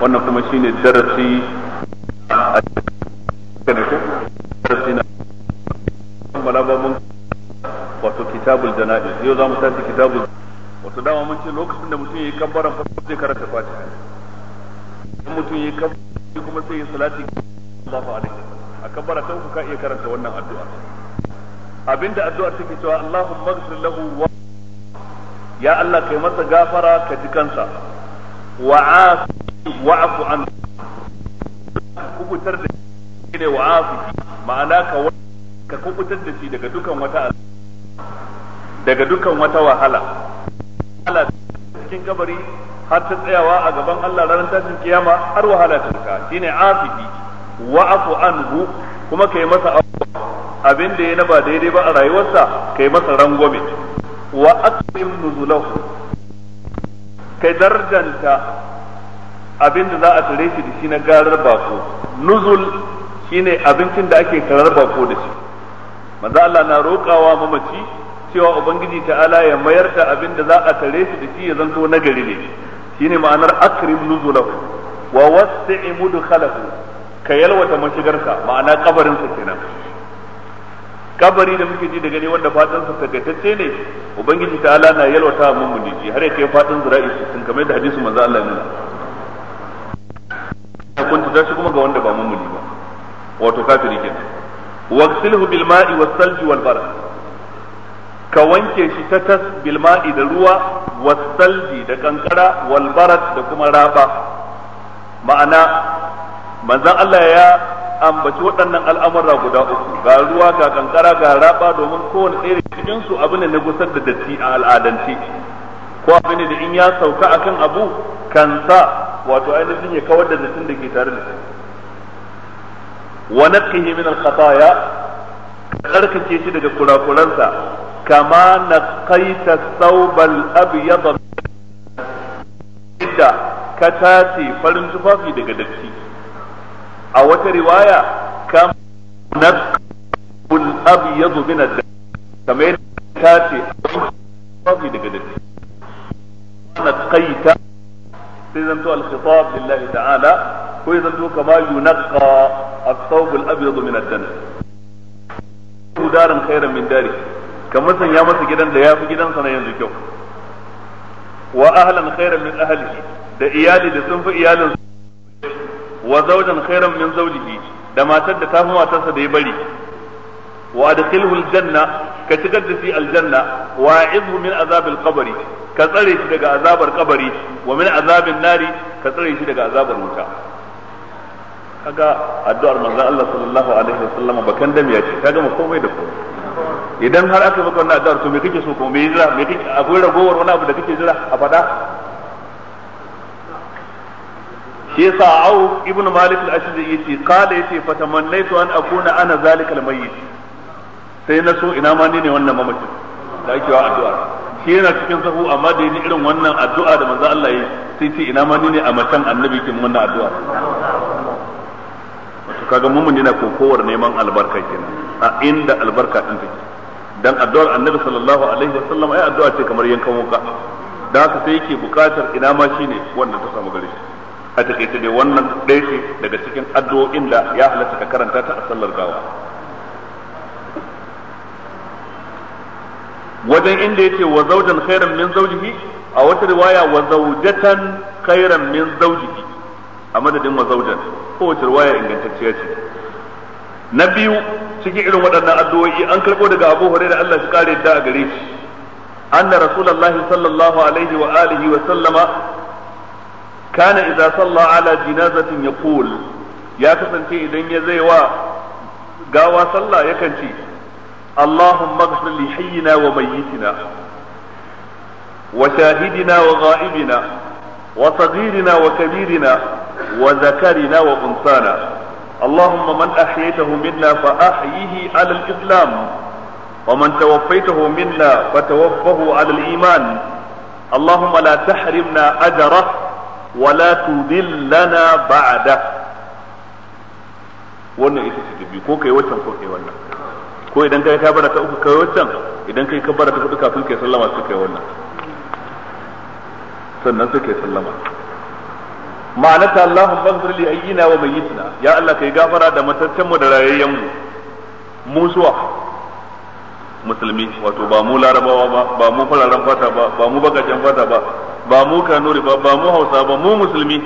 wannan kuma shine darasi a darasi na kammala mun wato kitabul janaiz yau za mu tashi kitabul wato dama mun ce lokacin da mutum yayi kabbaran farko zai karanta fatiha idan mutum yayi kabbaran kuma sai ya salati Allahu alaihi a kabbara ta uku ka iya karanta wannan addu'a abinda addu'ar take cewa Allahumma ighfir lahu wa ya Allah kai masa gafara ka ji kansa wa'afu an kubutar da shi ne wa'afu ma'ana ka ka kubutar da shi daga dukan wata daga dukan wata wahala Allah cikin kabari har ta tsayawa a gaban Allah ranar tashin kiyama har wahala ta ka shine afifi Wa'afu anhu kuma kai masa abin da ya na ba daidai ba a rayuwarsa kai masa rangwame wa aqim nuzulahu kai darjanta abin da za a tare shi da shi na garar bako nuzul shine abincin da ake karar bako da shi manzo Allah na roƙawa mamaci cewa ubangiji ta'ala ya mayar da abin da za a tare shi da shi ya zanto na gari ne shine ma'anar akrim nuzulahu wa wasi'i mudkhalahu ka yalwata mashigarsa ma'ana kabarin sa kenan kabari da muke ji da gani wanda fatan sa tagatacce ne ubangiji ta'ala na yalwata mamuni har ya kai fatan zira'i sun kamar da hadisi manzo Allah ya kunta kwanta shi kuma ga wanda ba mumuni ba wato kafiri kenan waqsilhu bil ma'i was salji wal ka wanke shi ta tas bil ma'i da ruwa was salji da kankara wal da kuma raba ma'ana manzon Allah ya ambaci waɗannan al'amura guda uku ga ruwa ga kankara ga raba domin kowane ɗaya cikinsu cikin su abin da na gusar da datti a al'adance ko abu ne da in ya sauka akan abu kan sa wato ainihin ya kawar da zatin da ke tare da shi wa naqqihi min al-khataya tsarkake shi daga kurakuransa kama naqaita thawbal abyad da ka tace farin tufafi daga datti a wata riwaya kama naqul abyad min al dam kamar tace farin tufafi daga datti نقيت سيزنتو الخطاب لله تعالى ويزنتو كما ينقى الثوب الأبيض من الدنس دارا خيرا من داره كما سنيا مسا جدا ديا في جدا سنة ينزكو وأهلا خيرا من أهله da iyali da sun fi iyalin wa zaujan khairan min zaujihi da matar da ta fi matarsa da ya bari wa adkhilhu janna, ka shigar da shi aljanna wa a'idhu min azabil qabri ka tsare shi daga azabar kabari wa min azabin nari ka shi daga azabar wuta kaga addu'ar manzon Allah sallallahu alaihi wasallam bakan dam ya ce kaga mu komai da komai idan har aka maka wannan addu'ar to me kake so ko me jira me kake akwai ragowar wani abu da kake jira a fada shi yasa au ibn malik al-ashdi yace qala yace fatamannaitu an akuna ana zalikal mayyit sai na so ina ma ni ne wannan mamacin da ake wa addu'a shi yana cikin sahu amma da yaji irin wannan addu'a da manzo Allah yi sai ce ina ma ni ne a macen annabi kin wannan addu'a wato kaga mun mun yana kokowar neman albarka kenan a inda albarka din take dan addu'ar annabi sallallahu alaihi wasallam ai addu'a ce kamar yankan wuka da haka sai yake bukatar ina ma shine wanda ta samu gare shi a ta dai wannan ɗaya ce daga cikin addu'o'in da ya halatta ka karanta ta a sallar gawa wajen inda yace wa zawjan khairan min zawjihi a wata riwaya wa zawjatan khairan min zawjihi a madadin wa zawjan wata riwaya ingantacciya ce na biyu cikin irin waɗannan addu'o'i an karɓo daga Abu Hurairah Allah shi kare da a gare shi anna rasulullahi sallallahu alaihi wa alihi wa sallama kana idza salla ala jinazatin yaqul ya kasance idan ya zai wa gawa sallah yakan ce اللهم اغفر لحينا وميتنا وشاهدنا وغائبنا وصغيرنا وكبيرنا وذكرنا وانثانا اللهم من احييته منا فاحيه على الاسلام ومن توفيته منا فتوفه على الايمان اللهم لا تحرمنا اجره ولا تذلنا بعده wannan ita ce ta biyu ko kai watan ko kai wannan ko idan kai bara ta uku kai wancan idan kai bara ta hudu kafin kai sallama sai kai wannan sannan sai kai sallama ma'anata Allahumma ighfir li ayyina wa mayyitina ya Allah kai gafara da mataccen mu da rayayyen mu suwa musulmi wato ba mu larabawa ba ba mu fararen fata ba ba mu bakajen fata ba ba mu kanuri ba ba mu hausa ba mu musulmi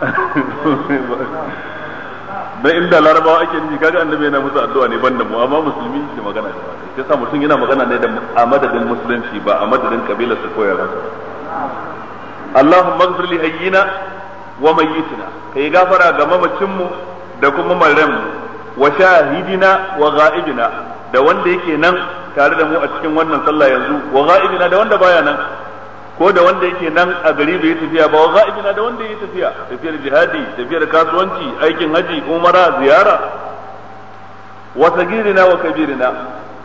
dan inda larabawa ake nufi kaga annabi yana musu addu'a ne banda mu amma musulmi ke magana da shi sa mutum yana magana ne da a madadin musulunci ba a madadin sa ko yaransa Allahumma ighfir li hayyina wa mayyitina kai gafara ga mamacin mu da kuma marren mu wa shahidina wa ghaibina da wanda yake nan tare da mu a cikin wannan sallah yanzu wa ghaibina da wanda baya nan ko da wanda yake nan a gari bai tafiya ba wa ga'ibina da wanda yake tafiya tafiyar jihadi tafiyar kasuwanci aikin haji umara ziyara wa girina wa kabirina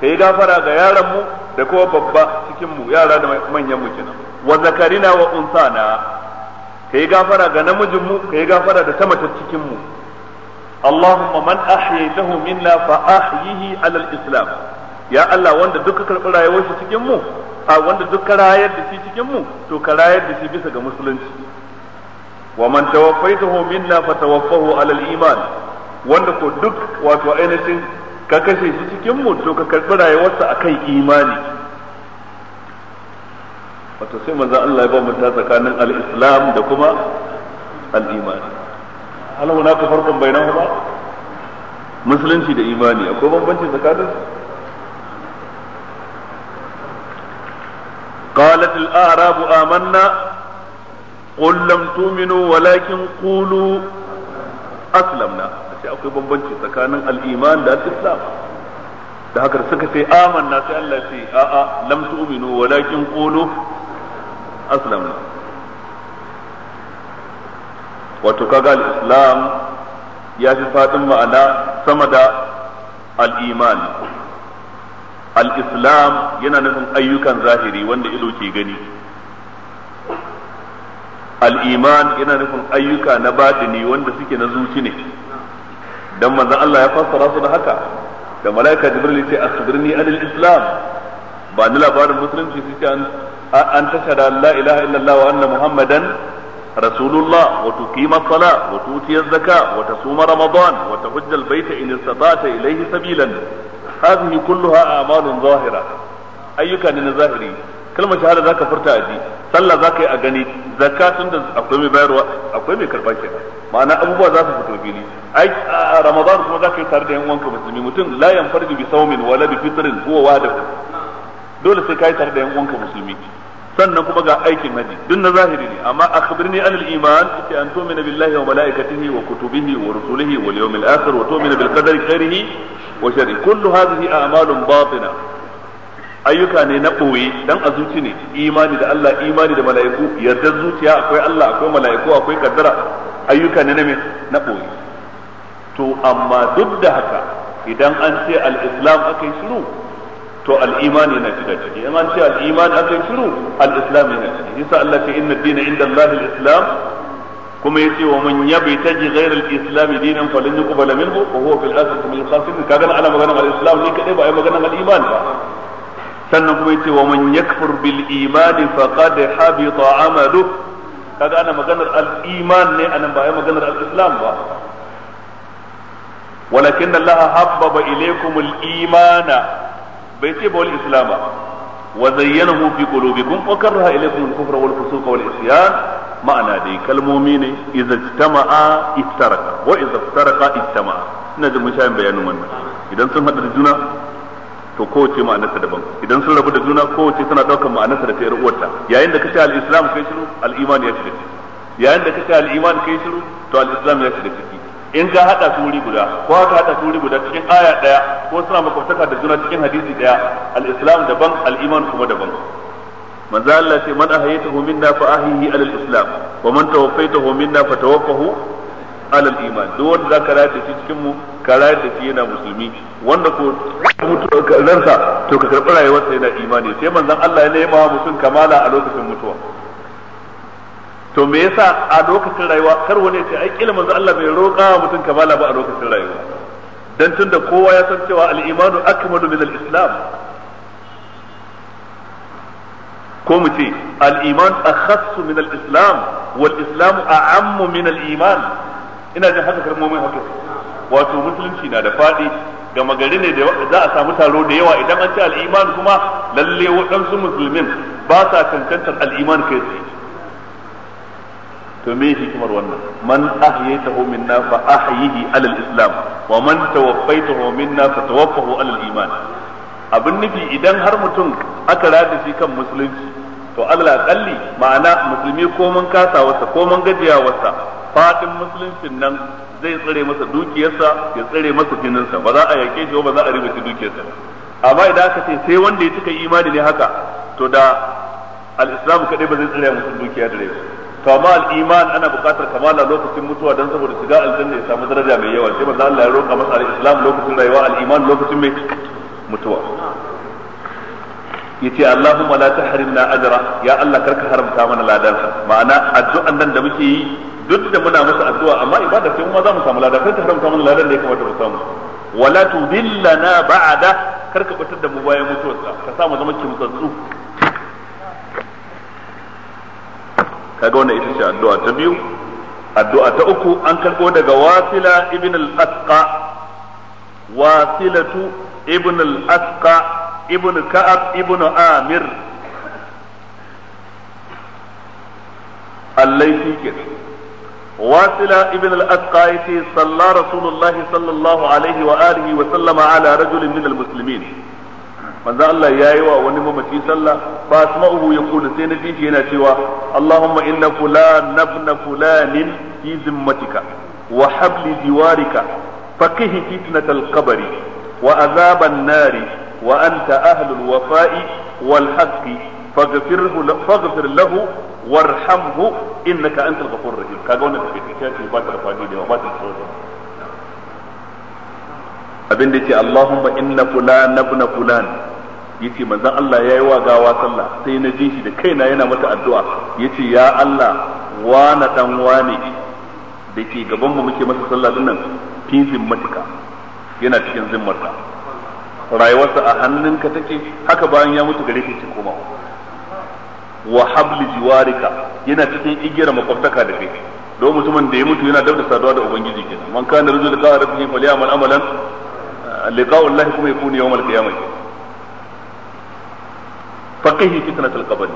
yi gafara ga yaran mu da kuma babba cikin mu yara da manyan mu kenan wa zakarina wa unsana yi gafara ga namijin mu yi gafara da ta mace cikin mu اللهم من أحييته منا فأحيه alal Islam. ya Allah wanda duka karɓi rayuwar shi cikin mu a wanda duk ka rayar da shi cikin mu to ka rayar da shi bisa ga musulunci wa man tawaffaitahu minna tawaffahu ala al-iman wanda ko duk wato ainihin ka kashe shi cikin mu to ka karbi rayuwarsa akan imani wato sai manzo Allah ya ba mu ta tsakanin al-islam da kuma al-iman hal hunaka farqun bainahuma musulunci da imani akwai bambanci tsakaninsu قالت الأعراب آمنا قل لم تؤمنوا ولكن قولوا أسلمنا sai akwai bambanci tsakanin al'iman da al'islam da haka suka sai aman na, sai Allah ce a'a lam tu'minu walakin qulu aslamna wato kaga al'islam ya fi fadin ma'ana sama da al'iman al-islam yana nufin ayyukan zahiri wanda ido ke gani al-iman yana nufin ayyuka na batini wanda suke na zuci ne dan manzon Allah ya fassara su da haka da malaika jibril ce akhbirni anil islam ba ni labarin musulunci su ce an tashhada la ilaha illallah wa anna muhammadan rasulullah wa tuqima sala salah wa tuti az-zakah wa tasuma ramadan wa tahujja baita bayta in istata ilayhi sabilan hadhihi kulluha a'malun zahira ayyuka ne na zahiri kalmar shahada zaka furta a ji sallah zaka yi a gani zakatun da akwai mai ma'ana abubuwa za su fito fili ai a ramadan kuma zaka yi tare da yan uwanka musulmi mutum la yanfarju bi sawmin wala bi dole sai tare da yan uwanka musulmi sannan kuma ga aikin haji duk na zahiri ne amma akhbirni anil iman sai an tu'mina billahi wa malaikatihi wa kutubihi wa rusulihi wal yawmil akhir wa tu'mina bil qadari khairihi wa sharri kullu hadhihi a'malun batina ayyuka ne na boye dan a zuci ne imani da Allah imani da mala'iku yarda zuciya akwai Allah akwai mala'iku akwai kaddara ayyuka ne na me na boye to amma duk da haka idan an ce al-islam akai shiru to al-imani yana shiga ciki in an ce inna dina inda islam kuma yace wa man yabtaji ghayra al-islam dinan falan yuqbala minhu wa huwa fil akhirati min al-khasirin kaga ana magana al-islam ne kadai ba ai magana al-iman ba sannan kuma yace wa man yakfur bil iman faqad habita amaluhu kaga ana maganar al-iman ne anan ba ai maganar al-islam ba walakin Allah habbaba ilaykumul imana bai ce ba wal islam ba wa zayyanahu fi qulubikum wa ma'ana dai kalmomi ne idza tama'a iftaraka wa idza iftaraka ittama'a ina jin mushayin sha bayanin wannan idan sun hada da juna to kowace ma'anarsa daban idan sun rabu da juna kowace tana daukar ma'anarsa da ta yarda uwarta yayin da kace al-islam kai shiru al-iman ya shiga ciki yayin da kace al-iman kai shiru to al-islam ya shiga ciki in ga hada su wuri guda ko ka hada su wuri guda cikin aya daya ko suna makwataka da juna cikin hadisi daya al-islam daban al-iman kuma daban manzo Allah ce man ahayatahu minna fa ahihi alal islam wa man tawaffaytahu minna fa tawaffahu alal iman duk wanda zaka rayar da shi cikin mu ka rayar da shi yana musulmi wanda ko mutu ransa to ka karɓi rayuwarsa yana imani sai manzon Allah ya nema mutum kamala a lokacin mutuwa to me yasa a lokacin rayuwa kar wani ce ai kila manzo Allah bai roƙa wa mutum kamala ba a lokacin rayuwa dan tunda kowa ya san cewa al-imanu akmalu min al-islam ko mu ce al-iman akhassu min al-islam wal islam a'ammu min al-iman ina jin haka kalmomin haka wato musulunci na da fadi gama gari ne da za a samu taro da yawa idan an ce al'iman kuma lalle waɗansu musulmin ba sa cancantar al'iman kai tsaye to me hikimar wannan man ahyaytahu minna fa ahyihi alal islam wa man tawaffaytahu minna fa tawaffahu alal iman abin nufi idan har mutum aka rada shi kan musulunci to Allah kalli ma'ana musulmi ko mun kasa wasa ko mun gajiya wasa fadin musuluncin nan zai tsare masa dukiyarsa ya tsare masa jininsa ba za a yake shi ba za a shi dukiyarsa amma idan aka ce sai wanda ya cika imani ne haka to da al-islam kadai ba zai tsare musu dukiya da rai to amma al-iman ana buƙatar kamala lokacin mutuwa dan saboda shiga aljanna ya samu daraja mai yawa sai manzo Allah ya roƙa masa al-islam lokacin rayuwa al-iman lokacin mai mutuwa yace Allahumma la tahrimna ajra ya Allah karka haramta mana ladansa ma'ana addu'an nan da muke yi duk da muna masa addu'a amma ibada sai kuma za mu samu ladan karka haramta mana ladan da ya kamata mu samu wala tudillana ba'da karka batar da mu bayan mutuwarsa ka sa mu zama kimtsatsu kaga wannan ita ce addu'a ta biyu addu'a ta uku an karbo daga wasila ibn al-asqa wasilatu ibn al-asqa ibn ka'ab ibn amir al-laythi kenan wasila ibn al-asqa yace salla rasulullahi sallallahu alaihi wa alihi wa ala rajulin min al-muslimin manzo Allah yayi wa wani mamaci sallah ba ya yaqulu sai na ji yana cewa Allahumma inna fulan ibn fulanin fi zimmatika wa habli diwarika faqih wa azaban nari wa anta ahlul wafa'i wal haqqi faghfir lahu warhamhu innaka antal ghafurur rahim kaga wannan tafsir ce ba ta da fadi da ba ta da sauki abin da yake Allahumma inna fulan ibn fulan yace manzon Allah yayi wa gawa sallah sai na ji shi da kaina yana mata addu'a yace ya Allah wana dan wane da ke gaban mu muke masa sallah dinnan fi matuka. yana cikin zimmarta rayuwarsa a hannunka take haka bayan ya mutu gare ke koma wa habli jiwarika yana cikin igiyar makwabtaka da kai don mutumin da ya mutu yana dab da saduwa da ubangiji kenan man kana rajul liqa rabbih falyamal amalan liqa'u allahi kuma yakunu yawmal qiyamah faqihi fitnatul qabr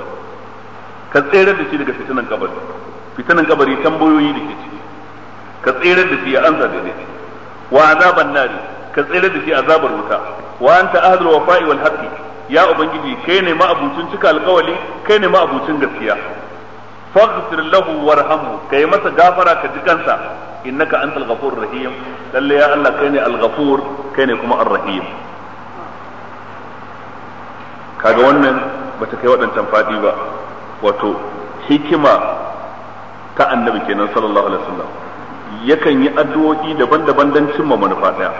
ka tsere da shi daga fitnan kabari fitnan kabari tambayoyi da ke ciki ka tsere da shi ya ansa daidai wa azaban nari ka tsere da shi azabar wuta wa anta ahlul wafa'i wal haqqi ya ubangiji kai ne ma'abucin cika alƙawali kai ne ma'abucin gaskiya faghfir lahu warhamhu kai masa gafara ka ji kansa innaka antal ghafurur rahim lalle ya Allah kai ne al-ghafur kai ne kuma ar-rahim kaga wannan bata kai waɗancan fadi ba wato hikima ta annabi kenan sallallahu alaihi wasallam yakan yi addu'o'i daban-daban don cimma manufa ɗaya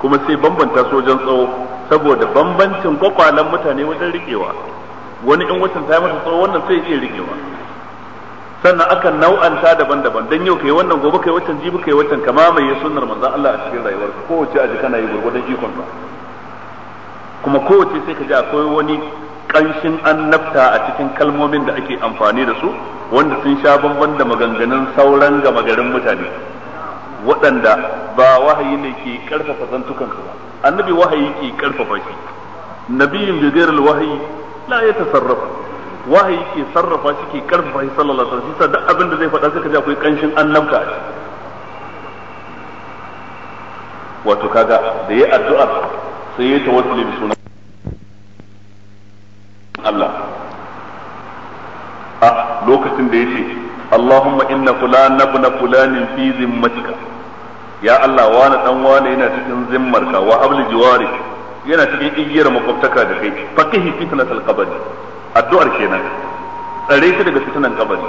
kuma sai bambanta su wajen tsawo saboda bambancin kwakwalen mutane wajen riƙewa wani in watan ta masa tsawo wannan sai iya riƙewa sannan akan nau'anta daban-daban don yau kai wannan gobe kai watan jibi kai watan kama mai sunnar manzon Allah a cikin rayuwarka kowace aji kana yi gurgudan ikon ka kuma kowace sai ka ji akwai wani ƙanshin annabta a cikin kalmomin da ake amfani da su wanda sun sha bamban da maganganun sauran gama garin mutane waɗanda ba wahayi ne ke karfafa zantukan su ba annabi wahayi ke karfafa shi nabiyin bi wahayi la yatasarrafu wahayi ke sarrafa shi ke karfafa shi sallallahu alaihi wasallam duk abin da zai faɗa sai ka ji akwai kanshin annabta a wato kaga da yayi addu'a sai ya tawassuli da sunan Allah a lokacin da yace Allahumma inna fulana ibn fulanin fi zimmatika ya Allah wani dan wani yana cikin zimmarka wa habli jiwari yana cikin igiyar makwabtaka da kai faqihi fitnatul qabr addu'ar kenan tsare shi daga fitnan kabari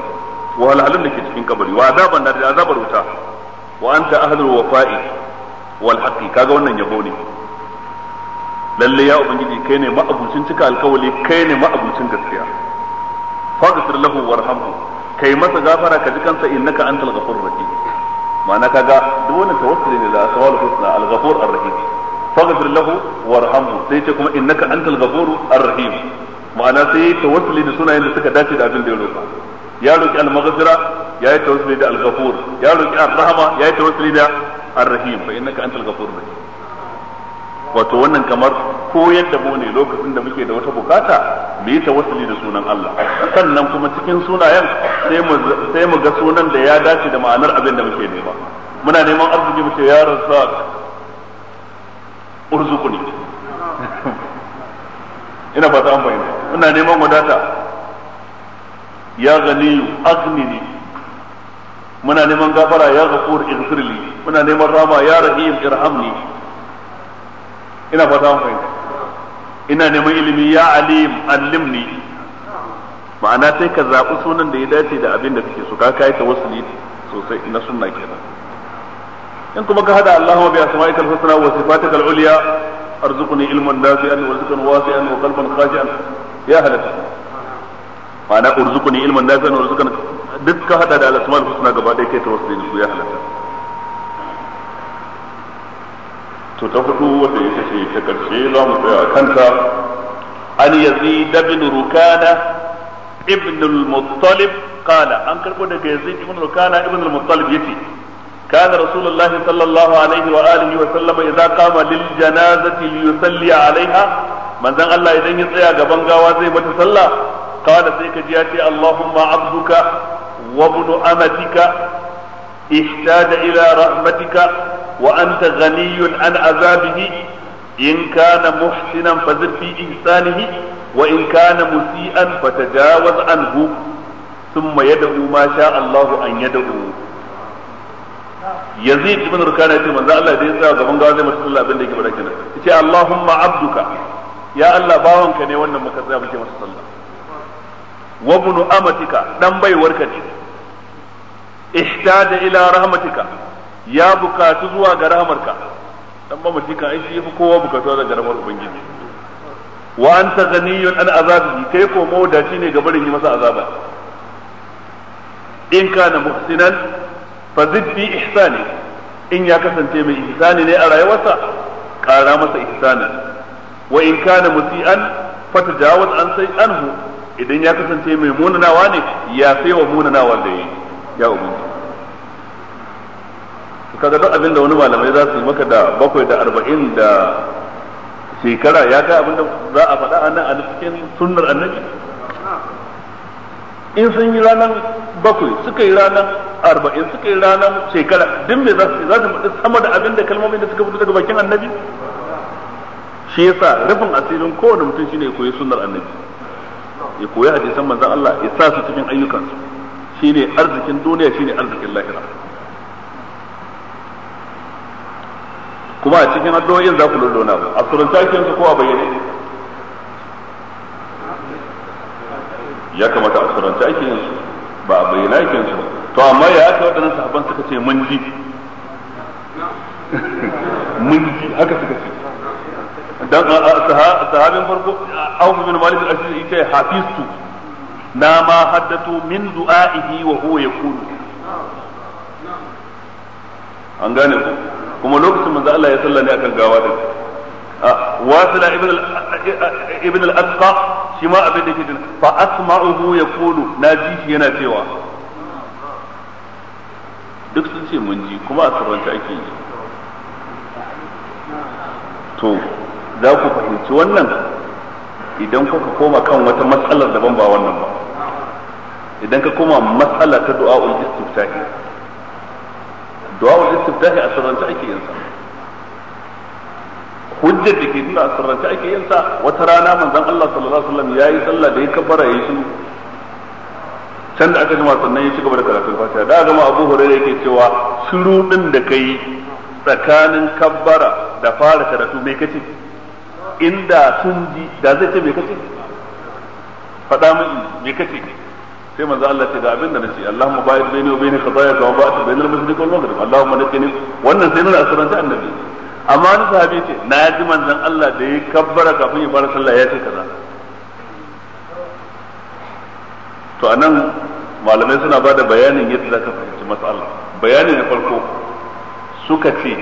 wa halalun da ke cikin kabari wa azaban da azabar wuta wa anta ahlul wafa'i wal haqi kaga wannan yabo ne lalle ya ubangiji kai ne ma'abucin cika alkawali kai ne ma'abucin gaskiya faghfir lahu warhamhu kai masa gafara ka ji kansa innaka antal ghafurur rahim ma'ana kaga duk wannan tawassuli ne da aswalul husna al-ghafur ar-rahim faghfir lahu warhamhu sai ce kuma innaka antal ghafur ar-rahim ma'ana sai tawassuli da sunayen da suka dace da abin da ya roƙa ya roƙi al-maghfira ya yi tawassuli da al-ghafur ya roƙi ar-rahma ya yi tawassuli da ar-rahim fa innaka antal ghafur ar-rahim wato wannan kamar koyar da mu ne lokacin da muke da wata bukata mu yi tawassuli da sunan Allah sannan kuma cikin sunayen sai mu sai mu ga sunan da ya dace da ma'anar abin da muke nema muna neman arziki muke ya rasa urzukuni ina fata an bayyana muna neman wadata ya ganiyu ne. muna neman gafara ya ghafur ighfirli muna neman rama ya rahim irhamni ina fata mu fahimta ina neman ilimi ya alim allimni ma'ana sai ka zaɓi sunan da ya dace da abin da kake so ka kai ta wasuli sosai na sunna kenan in kuma ka hada Allahumma bi asma'ika al-husna wa sifatika al-ulya arzuqni ilman nafi'an wa rizqan wasi'an wa qalban khashi'an ya halata ma'ana urzuqni ilman nafi'an wa rizqan duk ka hada da al-asma'ul husna gaba ɗaya kai ta wasuli su ya halata to ta hudu wanda ya kashe ta karshe za mu tsaya a kanta an yazid bin rukana ibn al-muttalib qala an karbo daga yazid ibn rukana ibn al-muttalib yace كان رسول الله صلى الله عليه وآله وسلم إذا قام للجنازة ليصلي عليها من ذن الله إذا يطيع قبن قوازي متسلى قال سيك جياتي اللهم عبدك وابن أمتك احتاج إلى رحمتك wa anta ganiyun an azabihi in kana muhsinan fazid fi ihsanihi wa in kana musian fatajawaz anhu thumma yad'u ma sha Allah an yad'u yazid ibn rukan ya ce manzo Allah dai tsaya gaban gawa zai masa sallah abin da yake bada kenan yace Allahumma abduka ya Allah bawanka ne wannan muka tsaya muke masa sallah dan ila Rahmatuka. ya bukatu zuwa ga rahamarka dan ba mutum ai shi yafi kowa bukatu zuwa ga rahamar ubangiji wa anta ghaniyun an azabi kai ko mawdaci ne ga barin yi masa azaba in kana muhsinan fa zidbi ihsani in ya kasance mai ihsani ne a rayuwarsa kara masa ihsanan wa in kana musian tajawaz an sai anhu idan ya kasance mai munanawa ne ya sai wa munanawa da ya ubangiji kaga duk abin da wani malamai za su yi maka da bakwai da arba'in da shekara ya ga abin da za a faɗa a nan a cikin sunnar annabi in sun yi ranar bakwai suka yi ranar arba'in suka yi ranar shekara duk me za su za su faɗi sama da abin da kalmomin da suka fito daga bakin annabi shi yasa rufin asirin kowane mutum shine ya koyi sunnar annabi ya koyi hadisan manzon Allah ya sa su cikin ayyukansu shine arzikin duniya shine arzikin lahira kuma a cikin addu'o'in za ku lullo na a suruntakin su ko a bayyane ya kamata a surunta ake yin ba a bayyana ake su to amma ya aka waɗannan sahabban suka ce mun ji mun ji haka suka ce dan sahabin farko Auf bin Malik al-Ashari yace hafistu na ma haddatu min du'a'ihi wa huwa yaqulu an gane ku kuma lokacin manzo Allah ya sallani akan gawa din ah, wasila ibn al ibn al asqa shi ma abin da yake din fa asma'uhu yaqulu naji shi yana cewa duk sun ce mun ji kuma a sarrance ake yi to za ku fahimci wannan idan kuka koma kan wata matsalar daban ba wannan ba idan ka koma matsala ta ul istiftahi du'a'ul istiftahi a sirrance ake yin sa hujjar da ke nuna a sirrance ake yin sa wata rana manzon Allah sallallahu alaihi wasallam yayi sallah da ya kabbara yayi shiru can da aka jima sannan ya ci gaba da karatun fatiha da gama Abu Hurairah yake cewa shiru din da kai tsakanin kabbara da fara karatu mai kace inda sun ji da zai ce mai kace faɗa min mai kace sai manzo Allah ce ga abin da nace Allahumma ba'id baini wa baini khataaya kama ba'at baina al-mashriq wal maghrib Allahumma nakini wannan sai nuna asiranta annabi amma wani sahabi ce na ji manzon Allah da ya kabbara kafin ya fara sallah ya ce kaza to anan malamai suna bada bayanin yadda za ka fahimci matsala bayani na farko suka ce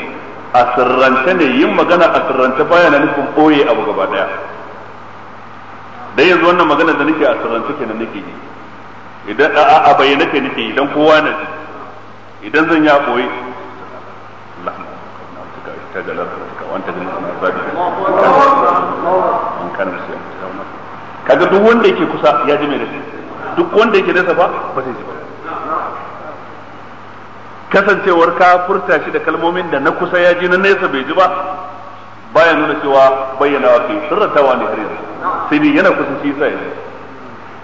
asirrance ne yin magana asirrance baya na nufin ɓoye abu gaba daya dai yanzu wannan magana da nake asirrance kenan nake yi idan a a bayyana ke nake idan kowa na ji idan zan ya koyi kaga duk wanda yake kusa ya ji mai nasi duk wanda yake nasa ba ba zai ji ba kasancewar ka furta shi da kalmomin da na kusa ya ji na nesa bai ji ba baya nuna cewa bayyana bayyanawa kai sirrantawa ne har yanzu sai ne yana kusa shi sai ya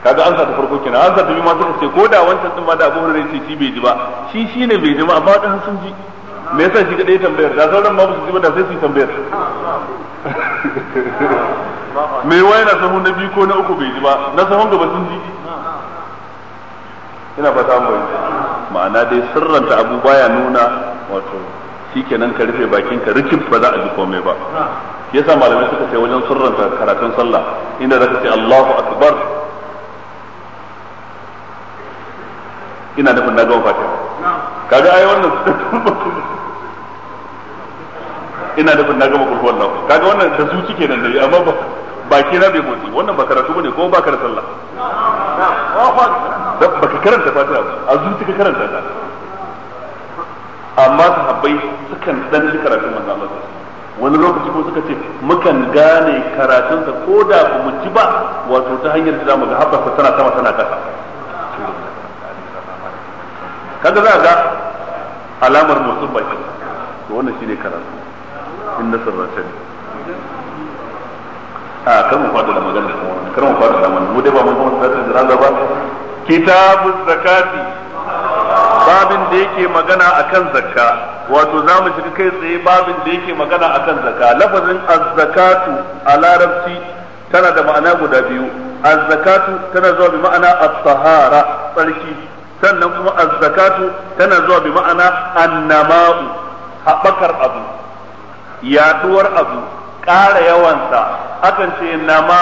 kaga an sata farko kenan an sata biyu ma suka ce ko da wancan din ma da Abu Hurairah ce shi bai ji ba shi shine bai ji ba amma dan sun ji me yasa shi kadai tambayar da sauran ma su ji ba da sai su tambayar me wai na sahun na biyu ko na uku bai ji ba na sahun gaba sun ji ina fata mu bai ma'ana dai sirranta abu baya nuna wato kenan ka rufe bakin ka rikif ba za a ji komai ba yasa malamai suka ce wajen sirranta karatun sallah inda zaka ce Allahu akbar ina nufin na gama fatiha kaga ai wannan ina nufin na gama kulhuwar lahu kaga wannan da zuci kenan da yi amma ba baki na bai motsi wannan ba karatu bane ko ba karatu da sallah ba ka karanta fatiha ba a zuci ka karanta ta amma sahabbai sukan dan ji karatun manzo Allah wani lokaci ko suka ce mukan gane karatunsa ko da ba mu ji ba wato ta hanyar da ga habbarsa tana sama tana kasa kaga za ga alamar motsin baki to wannan shine karatu in sarrace ne. a kan mu fada da magana kuma kar mu fada da magana mu dai ba mun kuma da jiraza ba kitabu zakati babin da yake magana akan zakka wato za mu shiga kai tsaye babin da yake magana akan zakka lafazin az-zakatu a larabci tana da ma'ana guda biyu az-zakatu tana zuwa bi ma'ana at-tahara tsarki sannan kuma az-zakatu tana zuwa bi ma'ana annama'u haɓakar abu yaduwar abu ƙara yawansa akan ce nama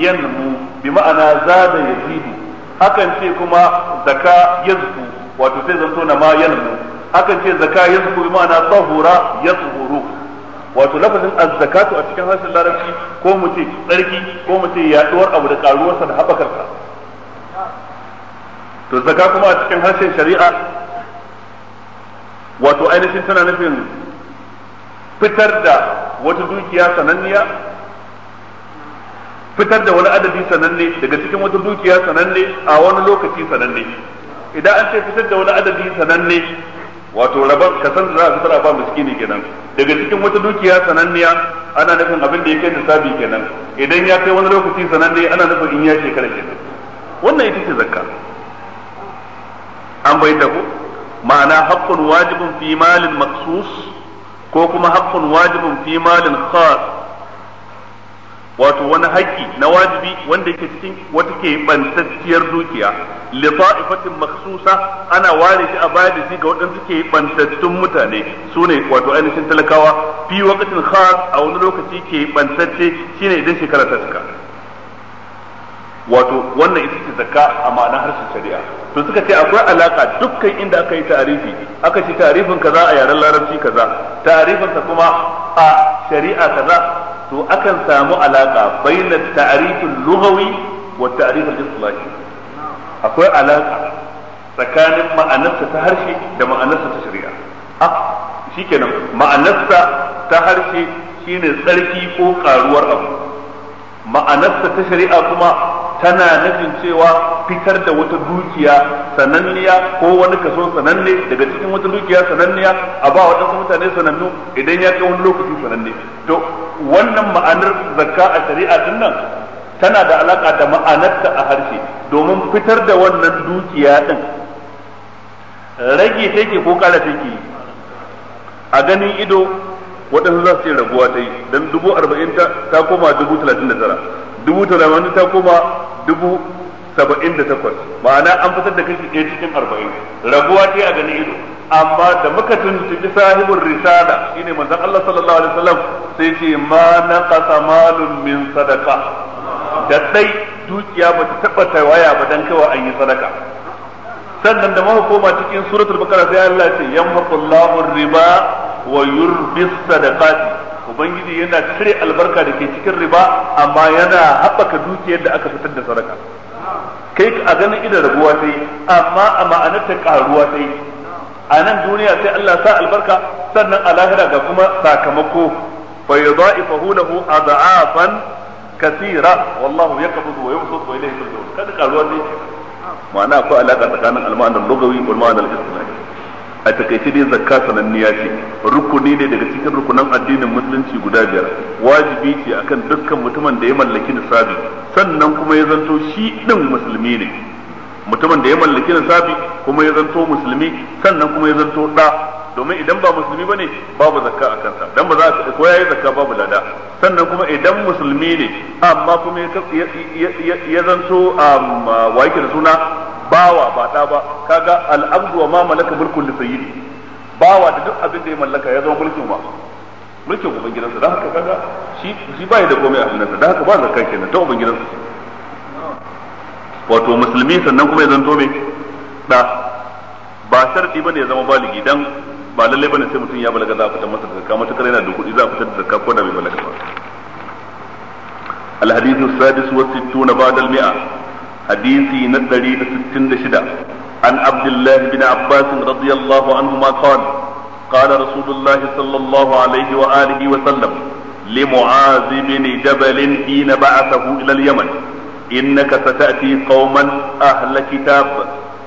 yanmu bi ma'ana zada yazidu akan ce kuma zaka yazku wato sai zanto nama yanmu akan ce zaka yazku bi ma'ana tahura yatahuru wato lafazin az-zakatu a cikin harshen larabci ko mu ce tsarki ko mu ce yaduwar abu da karuwarsa da haɓakarsa to zaka kuma a cikin harshen shari'a wato ainihin tana nufin fitar da wata dukiya sananniya fitar da wani adadi sananne daga cikin wata dukiya sananne a wani lokaci sananne idan an ce fitar da wani adadi sananne wato rabar kasan da za a fitar a ba miskini kenan daga cikin wata dukiya sananniya ana nufin abin da ya kai nisabi kenan idan ya kai wani lokaci sananne ana nufin in ya shekara kenan wannan ita ce zakka an bai da ku ma'ana haqqun wajibun fi malin maksus ko kuma haqqun wajibun fi malin khas wato wani haƙƙi na wajibi wanda yake cikin wata ke bantacciyar dukiya li ta'ifatin makhsusa ana ware shi a baya da shi ga waɗanda suke bantattun mutane sune wato ainihin talakawa fi waqtin khas a wani lokaci ke bantacce shine idan shekara ta cika wato wannan ita ce zakka a ma'anar harshen shari'a to suka ce akwai alaka dukkan inda aka yi tarifi aka ce tarifin kaza a yaren larabci kaza tarifin kuma a shari'a kaza to akan samu alaka baina ta'rifin lughawi wa ta'rifin islahi akwai alaka tsakanin ma'anarsa ta harshe da ma'anarsa ta shari'a a ah, shikenan ma'anarsa ta harshe shine tsarki ko karuwar abu ma'anarsa ta shari'a kuma tana nufin cewa fitar da wata dukiya sananniya ko wani kaso sananne daga cikin wata dukiya sananniya a ba waɗansu mutane sanannu idan ya kai wani lokaci sananne to wannan ma'anar zakka a shari'a din nan tana da alaka da ma'anarta a harshe domin fitar da wannan dukiya din rage take ko kara take a ganin ido waɗansu za su ce raguwa ta yi don dubu arba'in ta koma dubu talatin da tara dubu tamanin ta koma dubu saba'in da takwas ma'ana an fitar da kashi ɗaya cikin arba'in rabuwa ce a ganin ido amma da muka tuntubi sahibin risala shine manzon Allah sallallahu alaihi wasallam sai ce ma naqasa malun min sadaka da dai dukiya ba ta taba tawaya ba dan kawai an yi sadaka sannan da muka koma cikin suratul bakara sai Allah ce yamhaqullahu riba wa yurbis sadaqati ubangiji yana cire albarka da ke cikin riba amma yana haɓaka dukiyar da aka fitar da sadaka kai a ganin idan rabuwa sai amma a ma'anarta karuwa sai a nan duniya sai Allah sa albarka sannan a lahira ga kuma sakamako fa ya yudha'ifahu a za'afan kathira wallahu ya yaqbidu wa yabsutu wa ilayhi turja'un kada karuwa sai ma'ana akwai alaƙa tsakanin al lugawi wal ma'anar istilahi a takaice dai zakka sananniya ce rukuni ne daga cikin rukunan addinin musulunci guda biyar wajibi ce akan dukkan mutumin da ya mallaki nisabi sannan kuma ya zanto shi din musulmi ne mutumin da ya mallaki nisabi kuma ya zanto musulmi sannan kuma ya zanto da domin idan ba musulmi bane babu zakka a kansa dan ba za ka ko yayi zakka babu lada sannan kuma idan musulmi ne amma kuma ya zanto um, wa yake da suna bawa ba da ba kaga al'abdu wa ma malaka mulkul sayyidi bawa da duk abin da ya mallaka ya zama mulkin wa mulkin uban gidansa da haka kaga shi shi bai da komai a hannunsa da haka ba zakka kenan ta uban gidansa wato musulmi sannan kuma ya zanto me da ba sharti bane ya zama baligi dan ba lalle bane sai mutum ya balaga za a fitar masa zakka matakar yana da kuɗi za a fitar da zakka ko da bai balaga ba الحديث السادس والستون بعد المئة حديثي hadisi عن عبد الله بن عباس رضي الله عنهما قال قال رسول الله صلى الله عليه وآله وسلم لمعاذ بن جبل حين بعثه إلى اليمن إنك ستأتي قوما أهل كتاب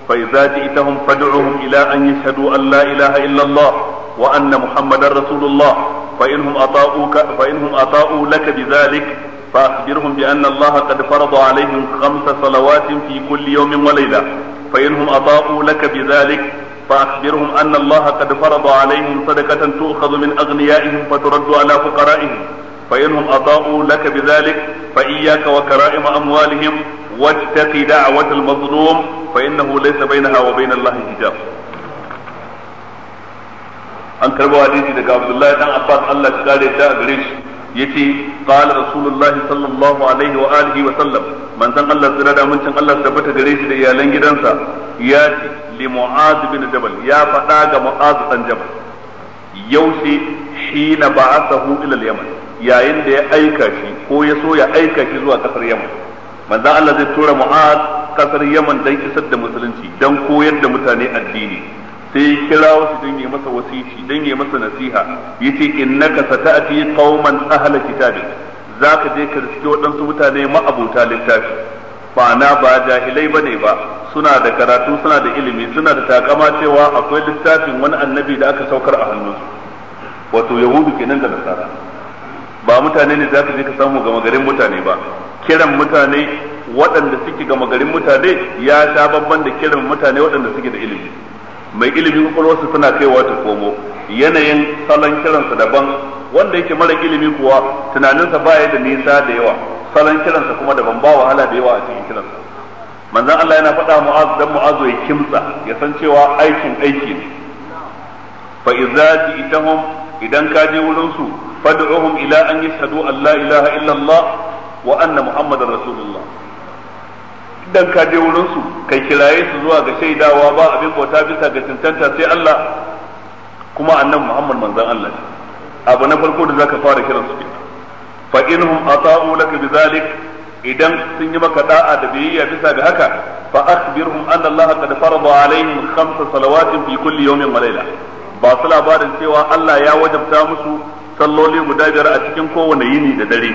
فإذا جئتهم فادعهم إلى أن يشهدوا أن لا إله إلا الله وأن محمدا رسول الله فإنهم أطاؤوك فإنهم أطاؤوا لك بذلك فأخبرهم بأن الله قد فرض عليهم خمس صلوات في كل يوم وليلة فإنهم أطاعوا لك بذلك فأخبرهم أن الله قد فرض عليهم صدقة تؤخذ من أغنيائهم فترد على فقرائهم فإنهم أطاعوا لك بذلك فإياك وكرائم أموالهم واتق دعوة المظلوم فإنه ليس بينها وبين الله حجاب an karbo hadisi daga Abdullahi dan Abbas Allah ya kare ta gare shi yace qala rasulullah sallallahu alaihi wa alihi wa sallam manzon Allah tsira da muncin Allah tabbata gare shi da iyalan gidansa ya ce li mu'az bin jabal ya faɗa ga mu'az dan jabal yaushe na ba'athahu ila al-yaman yayin da ya aika shi ko ya so ya aika shi zuwa kasar yaman manzon Allah zai tura mu'az kasar yaman dan isar da musulunci dan koyar da mutane addini sai kira wasu don ya masa wasishi don ya masa nasiha Ya yace innaka sata'ati qauman ahla kitabi zaka je ka riske waɗansu mutane ma'abuta littafi ba na ba jahilai bane ba suna da karatu suna da ilimi suna da takama cewa akwai littafin wani annabi da aka saukar a hannunsu wato yahudu kenan da nasara ba mutane ne zaka je ka samu gama garin mutane ba kiran mutane waɗanda suke gama garin mutane ya sha babban da kiran mutane waɗanda suke da ilimi mai ilimin kwakwalwarsa suna kaiwa ta komo yanayin salon kiransa daban wanda yake mara ilimi kuwa tunaninsa baya da nisa da yawa salon kiransa kuma daban ba wahala da yawa a cikin kiransa manzan Allah yana faɗa mu'azu dan mu'azu ya kimsa ya san cewa aikin aiki ne fa idza ji'tahum idan ka je wurin su fad'uhum ila an yashhadu an la ilaha illallah wa anna muhammadar rasulullah dan ka je wurin su kai kiraye su zuwa ga shaidawa ba abin bauta bisa ga cancanta sai Allah kuma annan Muhammad manzon Allah abu na farko da zaka fara kiran su kenan fa inhum ata'u lak bizalik idan sun yi maka da'a da biyayya bisa ga haka fa akhbirhum anna Allah qad farada alaihim khamsa salawatin fi kulli yawmin wa layla ba su labarin cewa Allah ya wajabta musu salloli guda biyar a cikin kowane yini da dare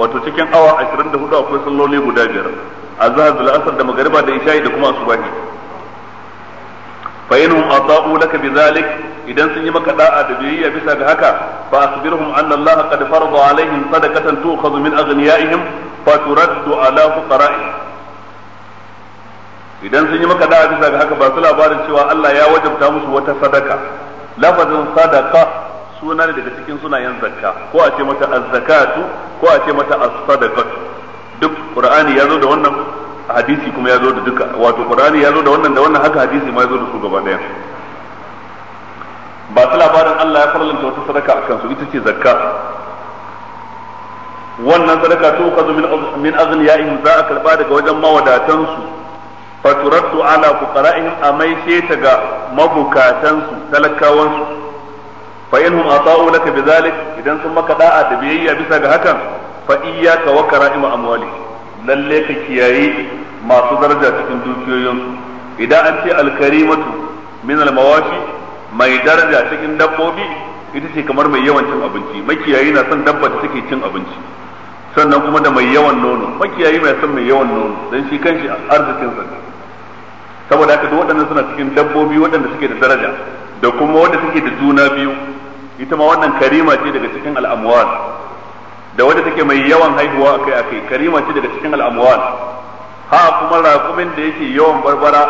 wato cikin awa 24 akwai salloli guda biyar azhar da la'asar da magariba da isha'i da kuma asubahi fa yanhum ata'u laka bidhalik idan sun yi maka da'a da biyayya bisa ga haka fa asbirhum anna Allah qad farada alaihim sadaqatan tu'khadhu min aghniyaihim fa turaddu ala fuqara'i idan sun yi maka da'a bisa ga haka ba su labarin cewa Allah ya wajabta musu wata sadaka lafazin sadaka suna ne daga cikin sunayen zakka ko a ce mata az-zakatu ko a ce mata as-sadaqatu qur'ani ya zo da wannan hadisi kuma ya zo da duka wato qur'ani ya zo da wannan da wannan haka hadisi ma ya zo da su gaba daya ba su labarin Allah ya farlanta wata sadaka akan su ita ce zakka wannan sadaka to ka zo min aghniyaihim za a karba daga wajen mawadatan su faturattu ala fuqara'ihim amai she ta ga mabukatan su talakawan su fa inhum ata'u laka bidhalik idan sun maka da'a da biyayya bisa ga hakan fa iyyaka wa kara'im amwalihim lalle ka kiyaye masu daraja cikin dukiyoyinsu idan an ce alkarimatu min almawashi mai daraja cikin dabbobi ita ce kamar mai yawan cin abinci makiyayi na son dabba da take cin abinci sannan kuma da mai yawan nono makiyayi mai son mai yawan nono dan shi kanshi arzikin sa saboda haka duk waɗannan suna cikin dabbobi waɗanda suke da daraja da kuma wanda suke da juna biyu ita ma wannan karima ce daga cikin al'amwar mai yawan haihuwa akai akai karima ce daga cikin al'amwal ha kuma rakumin da yake yawan barbara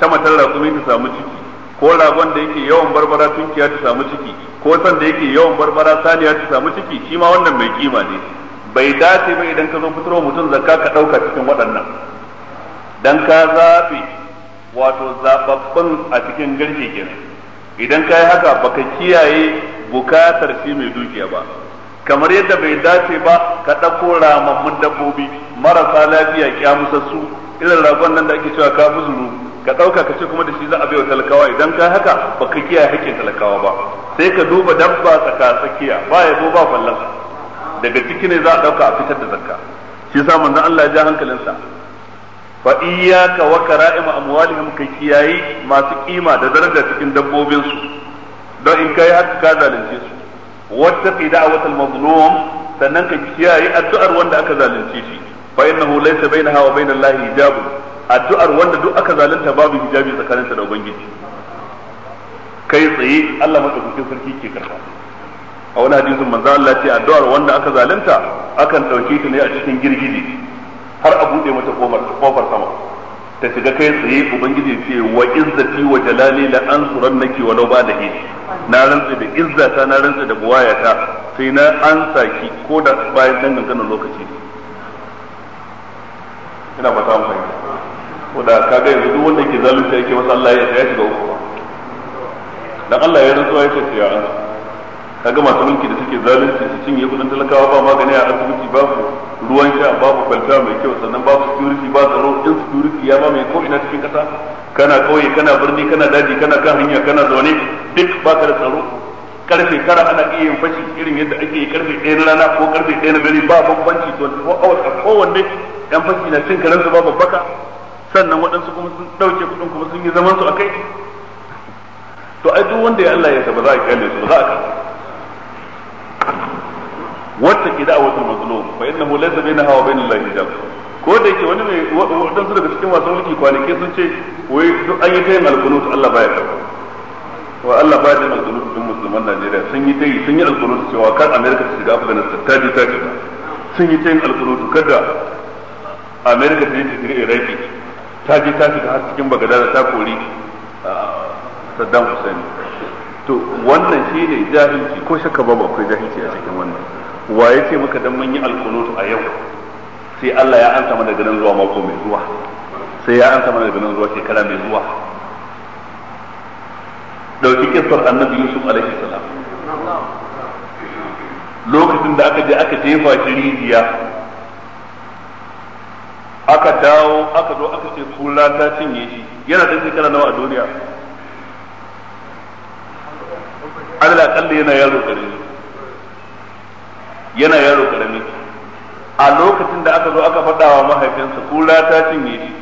ta matar rakumi ta samu ciki ko ragon da yake yawan barbara tunkiya ta samu ciki ko san da yake yawan barbara saniya ta samu ciki shi ma wannan mai kima ne bai dace ba idan ka zo fitarwa mutum zakka ka ɗauka cikin waɗannan dan ka zabe wato zababbin a cikin garke kenan idan ka yi haka baka kiyaye bukatar shi mai dukiya ba kamar yadda bai dace ba ka ɗauko ramammun dabbobi marasa lafiya kyamusassu irin ragon nan da ake cewa ka zuru ka ɗauka ka ce kuma da shi za a baiwa talakawa idan ka haka ba ka kiyaye haƙƙin talakawa ba sai ka duba dabba tsaka tsakiya ba ya zo ba fallan daga ciki ne za a ɗauka a fitar da zakka shi yasa manzon Allah ya ja hankalinsa fa iyyaka wa kara'im amwalihim ka kiyayi masu kima da daraja cikin dabbobinsu don in kai haka ka zalunce su wattaqi da'watal mazlum sannan ka kiyaye addu'ar wanda aka zalunce shi fa innahu laysa bainaha wa lahi hijab addu'ar wanda duk aka zalunta babu hijabi tsakaninta da ubangiji kai tsaye Allah madaukakin sarki ke karba a wani hadisin manzo Allah ce addu'ar wanda aka zalunta akan dauke ta ne a cikin girgije har a bude mata kofar sama ta shiga kai tsaye ubangiji ce wa izzati wa jalali la naki wa law da hi na rantsa da izzata na rantsa da buwayata sai na ansa ki ko da bayan dan gangan lokaci ina ba ta amfani ko da ga yanzu duk wanda ke zalunta yake masa Allah ya shiga uku dan Allah ya rantsa ya ce ya ansa kaga masu mulki da suke zalunci su cinye kudin talakawa ba magani a asibiti ba babu ruwan sha ba babu kwalta mai kyau sannan ba babu security ba tsaro in security ya ba mai ko ina cikin kasa kana kauye kana birni kana daji kana kan hanya kana zaune duk ba ka da tsaro karfe tara ana iya yin fashi irin yadda ake yi karfe ɗaya na rana ko karfe ɗaya na dare ba bambanci to a kowanne yan fashi na cin karansu ba babbaka sannan waɗansu kuma sun ɗauke kuɗin kuma sun yi zaman su a kai to ai duk wanda ya Allah ya ba za a kyale su ba za a karɓa wata ki da'awatul mazlum fa innahu laysa bainaha wa bainallahi hijab ko da yake wani mai wadansu daga cikin masu mulki kwanaki sun ce wai duk an yi ta yin alkunut Allah baya karba wa Allah baya da alkunut din musulman Najeriya sun yi ta yi sun yi alkunut cewa kar America ta shiga Afghanistan ta je ta shiga sun yi ta yin alkunut kada America ta je ta shiga Iraki ta je ta shiga har cikin Bagdad ta kori ah, Saddam Hussein to wannan shine jahilci ko shakka babu akwai jahilci a cikin wannan wa yace ce maka dan mun yi alkunutu a yau sai Allah ya anta mana ganin zuwa mako mai zuwa sai ya anta mana ganin zuwa shekara mai zuwa dauki kissar annabi Yusuf alaihi salam lokacin da aka je aka jefa shi rijiya aka dawo aka zo aka ce kula ta cinye shi yana da shekara nawa a duniya alal kalli yana yaro karami yana yaro karami a lokacin da aka zo aka faɗa wa mahaifinsa kura ta cinye shi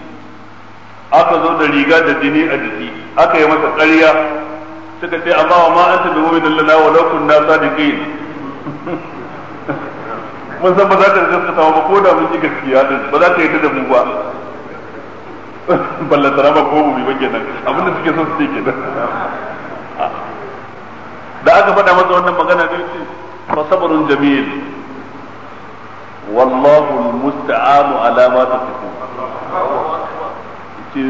aka zo da riga da jini a jiki aka yi masa ƙarya suka ce amma wa ma anta bi mu'minin lana wa sa kunna sadiqin mun san ba za ta gaskata ba ko da mun ji gaskiya din ba za ta yi ta da mu ba ballantana ba ko mu bi ba kenan abinda suke son su ce kenan da aka faɗa masa wannan magana ne ce fa sabrun jamil wallahu almusta'anu ala ma tasifun ce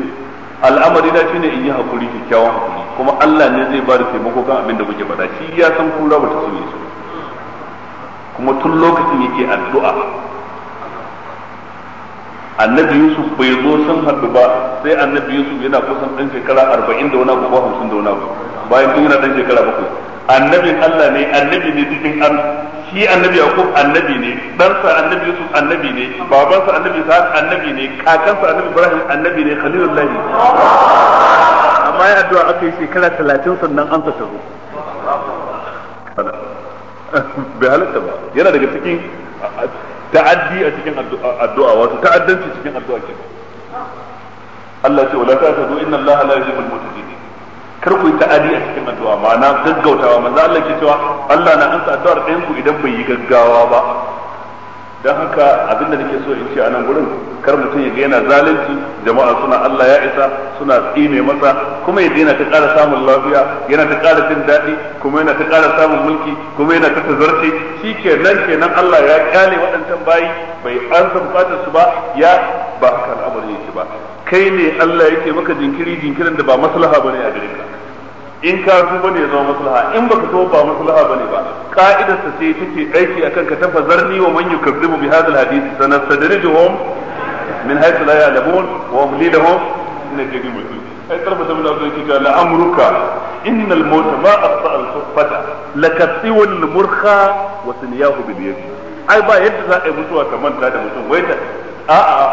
al'amari na shine in yi hakuri kyakkyawan hakuri kuma Allah ne zai ba da taimako kan abin da kuke faɗa shi ya san kura ba ta so su kuma tun lokacin yake addu'a annabi yusuf bai zo sun haɗu ba sai annabi yusuf yana kusan ɗan shekara arba'in da wani abu ko hamsin da wani abu bayan tun yana ɗan shekara bakwai annabin Allah ne annabi ne cikin an shi annabi Yaqub annabi ne ɗansa annabi Yusuf annabi ne babansa annabi sa annabi ne kakansa annabi Ibrahim annabi ne Khalilullah amma ya addu'a aka yi shekara 30 sannan an ta zo bai halatta ba yana daga cikin ta'addi a cikin addu'a wato ta'addanci cikin addu'a kenan Allah ce wala ta'tadu inna Allah la yuhibbul mutaqin kar ku yi ta'adi a cikin addu'a ma'ana gaggautawa manzo Allah ke cewa Allah na ansa addu'ar ɗayan ku idan bai yi gaggawa ba dan haka abin da nake so in ce a nan gurin kar mutum ya ga yana zalunci jama'a suna Allah ya isa suna tsine masa kuma ya daina ta ƙara samun lafiya yana ta ƙara jin daɗi kuma yana ta ƙara samun mulki kuma yana ta tazarce shi kenan kenan Allah ya kyale waɗancan bayi bai ansa bukatar su ba ya ba haka al'amari yake ba kai ne Allah yake maka jinkiri jinkirin da ba maslaha bane a gare ka in ka tuba ne ya zama maslaha in baka tuba ba maslaha bane ba ka'idar ta sai take aiki akan ka tafazarni wa man yukazzibu bi hadha alhadith sanastadrijuhum min haythu la ya'lamun wa umli lahum inna jadid mutin ai tarfa da Allah yake ga la'amruka innal mauta ma aqta al-fata lakasiwa al-murkha wa sinyahu bi yadi ai ba yadda za a yi mutuwa ta manta da mutum wai ta a'a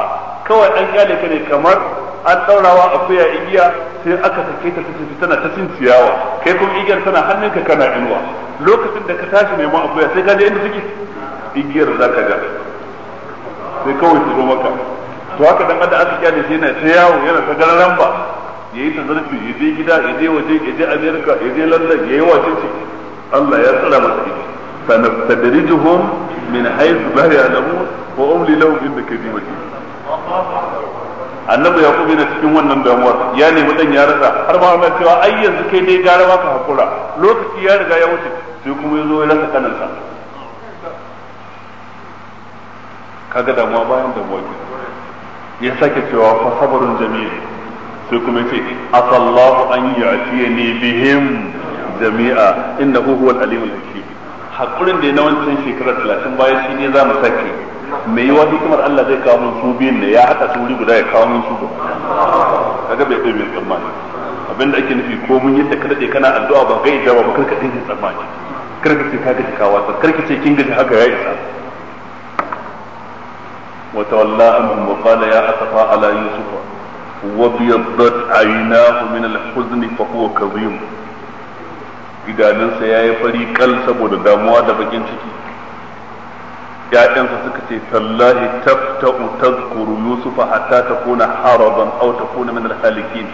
kawai an gane ka ne kamar an daurawa akuya igiya sai aka sake ta ta tafi tana ta cin kai kuma igiyar tana hannunka kana inuwa lokacin da ka tashi neman akuya sai gane inda suke igiyar za ka ga sai kawai su zo maka to haka dan adam aka kyale shi yana ta yawo yana ta gararan ba yayi ta zarfi ya je gida ya je waje ya je america ya je london ya yi wace ce Allah ya tsara masa ido sanastadrijuhum min haythu la ya'lamun wa umli lahum inda kadibati annabi ya yana cikin wannan damuwar ya nemi dan ya rasa har ma amma cewa ai yanzu kai dai gara ba ka hakura lokaci ya riga ya wuce sai kuma ya zo ya rasa kanansa kaga damuwa bayan damuwa ke ya sake cewa fa sabrun jamil sai kuma ce asallahu an yatiyani bihim jami'a innahu huwal alimul hakim hakurin da ya na wancan shekara 30 bayan shi ne za mu sake mai yi wani kamar Allah zai kawo mun su biyun ne ya haɗa su wuri guda ya kawo mun su kaga bai kai mai tsammani abinda ake nufi ko mun yadda ka daɗe kana addu'a ba ga ijaba ba karka dinga tsammani karka ce ka gaji kawo ta karka ce kin gaji haka ya isa wa tawalla anhum wa qala ya asafa ala Yusufa. wa biyaddat aynahu min al-huzn fa huwa kadhim idanansa yayi fari kal saboda damuwa da bakin ciki ya'yansa suka ce tallahi tafta'u tazkuru yusufa hatta takuna haraban aw takuna min al-halikin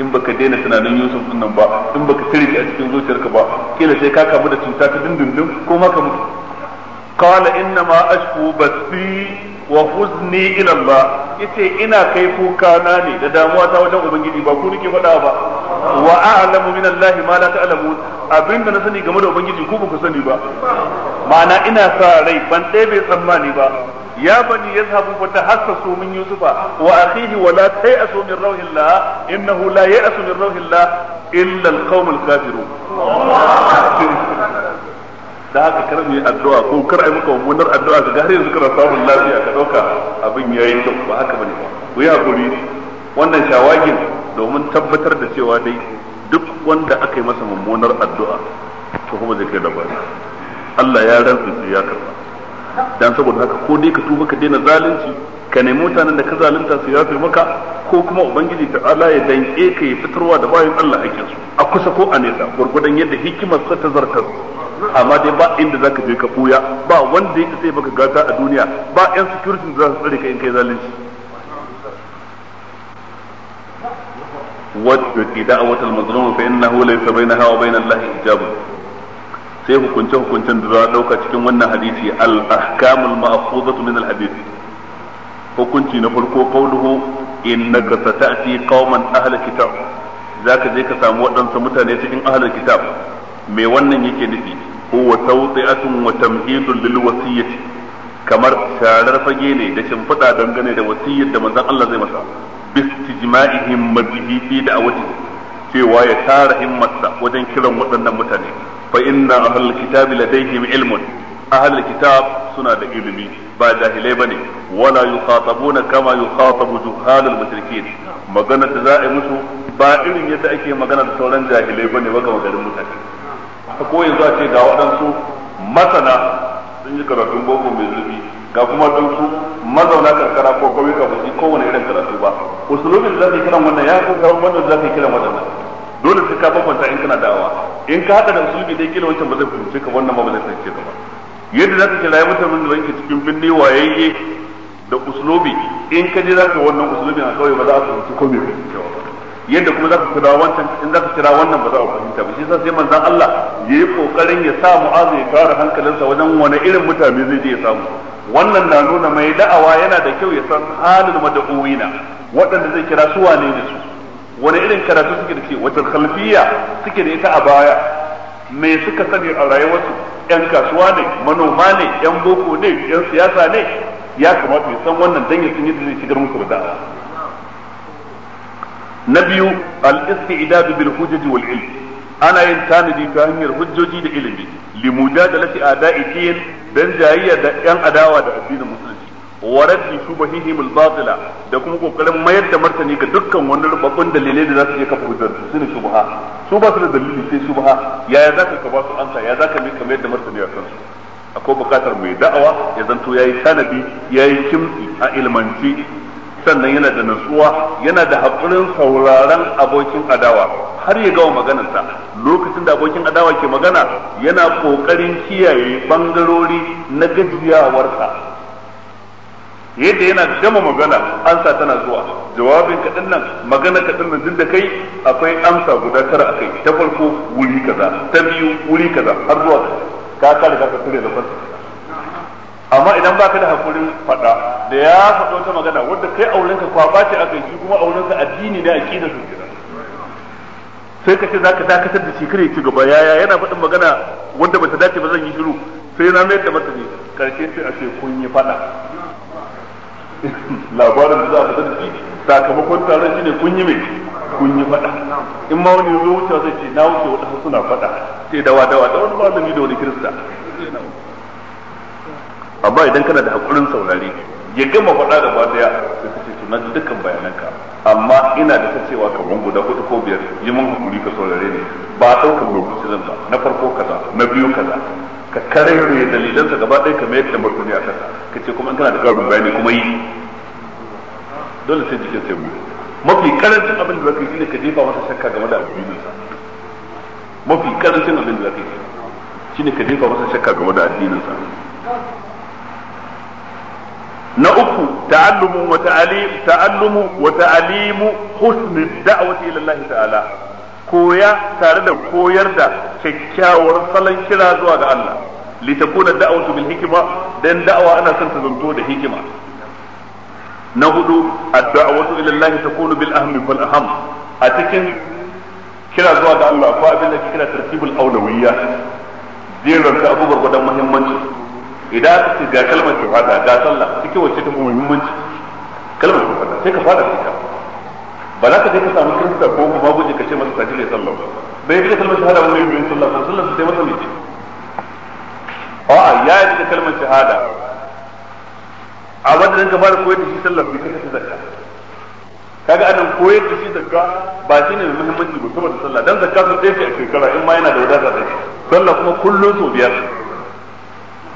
in baka daina tunanin Yusuf din nan ba in baka cire a cikin zuciyarka ba kila sai ka kamu da cuta ta dindindin ko ma ka mutu qala inna ma ashku basi wa huzni ila Allah yace ina kai kuka na ne da damuwa ta wajen ubangiji ba ku nake faɗa ba wa a'lamu min Allah ma la ta'lamun abinda na sani game da ubangiji ku ku sani ba ma'ana ina sa rai ban ɗaya bai tsammani ba ya bani yazhabu fa tahassasu min yusufa wa akhihi wa la ta'asu min rauhillah innahu la ya'asu min rauhillah illa al-qaumul kafirun da haka kar mu yi addu'a ko kar ai muka mummunar addu'a ga har yanzu kana samun lafiya ka dauka abin yayin kyau ba haka bane ba ku yi hakuri wannan shawagin domin tabbatar da cewa dai duk wanda aka yi masa mummunar addu'a to kuma zai kai labari Allah ya rantsu su ya karba dan saboda haka ko dai ka tuba ka daina zalunci ka nemi mutanen da ka zalunta su yafe maka ko kuma ubangiji ta ala ya danke ka ya fitarwa da bayan Allah hakkin su a kusa ko a nesa gurgudan yadda hikimar sa ta zartar amma dai ba inda zaka je ka buya ba wanda ya sai baka gata a duniya ba yan security da za su tsare ka in kai zalunci wadda da'awat al-mazlum fa innahu laysa bainaha wa bain sai hukunce hukuncen da za a cikin wannan hadisi al-ahkamul ma'khudatu min al-hadith hukunci na farko qawluhu innaka sata'ti qauman ahli kitab zaka je ka samu waɗansu mutane cikin ahli kitab me wannan yake nufi huwa tawti'atun wa tamhidun lil wasiyyati kamar sharar fage ne da shimfiɗa dangane da wasiyyar da manzon Allah zai masa bistijma'ihim mabihi da da'awati cewa ya tara himmarsa wajen kiran waɗannan mutane fa inna ahlul kitabi ladayhim ilmun ahlul kitab suna da ilimi ba jahilai bane wala yukhatabuna kama yukhatabu juhalul mushrikin magana da za a yi musu ba irin yadda ake magana da sauran jahilai bane ba ga magarin mutane ko yanzu a ce ga waɗansu masana sun yi karatun boko mai zurfi ga kuma don su mazauna karkara ko kauyuka ba su kowane irin karatu ba usulubin da zaka kiran wannan ya ko kawo wannan zaka kiran wannan dole sai ka bambanta in kana dawa in ka hada da usulubi dai kila wancan ba zai fahimci ka wannan ba zai fahimce ka ba yadda za ka kira ya mutane da wanke cikin binne wayayye da usulubi in ka je ka wannan usulubin a kauye ba za a fahimci ko mai fahimcewa ba yadda kuma zaka kira wancan in zaka kira wannan ba za a fahimta ba shi sai manzon Allah yayi kokarin ya sa mu'azu ya kare hankalinsa wajen wani irin mutane zai je ya samu wannan na nuna mai da'awa yana da kyau ya san halin mada'uwina waɗanda zai kira su wane ne su wani irin karatu suke da ke wata khalfiya suke da ita a baya me suka sani a rayuwarsu yan kasuwa ne manoma ne yan boko ne yan siyasa ne ya kamata ya san wannan dan ya san yadda zai shigar musu da da'awa na biyu al-istidad bil hujaj wal ilm ana yin tanadi ta hanyar hujjoji da ilimi limujadalati ada'i din dan jayayya da yan adawa da addinin musulunci wa raddi shubahihim al-batila da kuma kokarin mayar da martani ga dukkan wani rubabbun dalilai da za su iya kafa hujjar su ne shubaha. su ba su da dalili sai shubaha. yaya za ka ba su ansa ya za ka mai kamar da martani a kansu akwai bukatar mai da'awa ya zanto yayi tanadi yayi kimti a ilmanci sannan yana da nutsuwa yana da haƙurin sauraron abokin adawa har ya gawa maganarsa lokacin da abokin adawa ke magana yana ƙoƙarin kiyaye bangarori na gajiyawarsa yadda yana gama magana ansa tana zuwa jawabin kaɗan nan magana kaɗan nan duk da kai akwai amsa guda tara a kai ta farko wuri kaza ta biyu wuri kaza har zuwa ka kare ka tsire da kansa amma idan baka da hakurin faɗa da ya faɗo ta magana wanda kai auren ka kwa bace aka yi kuma auren ka addini ne aqida su kira sai ka ce zaka dakatar da shi kare ci gaba yaya yana faɗin magana wanda bata dace ba zan yi shiru sai na mai da mata karshe sai a ce kun yi faɗa labarin da za ka da shi sakamakon taron shi ne kun yi mai kun yi faɗa in ma wani zo wuce zai ce na wuce wadansu suna faɗa sai dawa dawa da wani malami da wani kirista amma idan kana da hakurin saurare ya gama faɗa da ba daya sai ka ce na dukkan bayananka amma ina da ta cewa wangu da hudu ko biyar yi mun hakuri ka saurare ne ba a ɗaukar rubutu zan ba na farko kaza na biyu kaza ka karere dalilansa gaba ɗaya ka mayar da martani a kansa ka ce kuma in kana da ƙarfin bayani kuma yi dole sai jikin sai mu mafi karancin abin da zaka yi shine ka jefa masa shakka game da sa mafi karancin abin da zaka yi shine ka jefa masa shakka game da sa na uku ta'allumu wa ta'alim ta'allumu wa ta'alimu husnul da'wati ila Allah ta'ala koya tare da koyar da kyakkyawar salon kira zuwa ga Allah li takuna da'watu bil hikma dan da'awa ana son ta zanto da hikima na hudu ad-da'watu ila Allah takunu bil ahmi wal aham a cikin kira zuwa ga Allah ko abin da kira tartibul awlawiyya jerin ta abubuwa gudan muhimmanci idan aka ce ga kalmar shahada ga sallah cikin wacce ta fi muhimmanci kalmar shahada sai ka fada da ita ba za ka je ka samu kirista ko kuma guje ka ce masa ta jire sallah bai bi da kalmar shahada wani yi yin sallah ko sallah sai masa miji a'a ya yi da kalmar shahada a wanda ka fara koyar da shi sallah bai kasa zakka kaga anan koyar da shi zakka ba shi ne muhimmanci ba saboda sallah dan zakka sun tsaye a shekara in ma yana da wadata da shi sallah kuma kullum sau biyar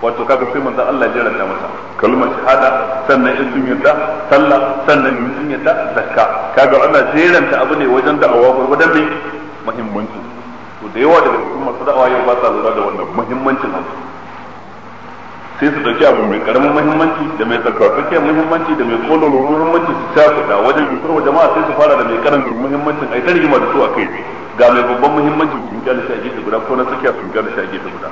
wato kaga sai manzon Allah ya ranta masa kalmar shahada sannan in sun yadda sallah sannan in sun yadda zakka kaga Allah jeranta abu ne wajen da'awa gurbadan mai muhimmanci to da yawa daga cikin masu da'awa yau ba sa lura da wannan muhimmancin abu sai su dauki abu mai karamin muhimmanci da mai tsarkakakken muhimmanci da mai kololo muhimmanci su da wajen yusur wa jama'a sai su fara da mai karamin muhimmancin ai ta rigima da su a kai ga mai babban muhimmanci kun kyale shi a gefe guda ko na tsakiya sun kyale shi a gefe guda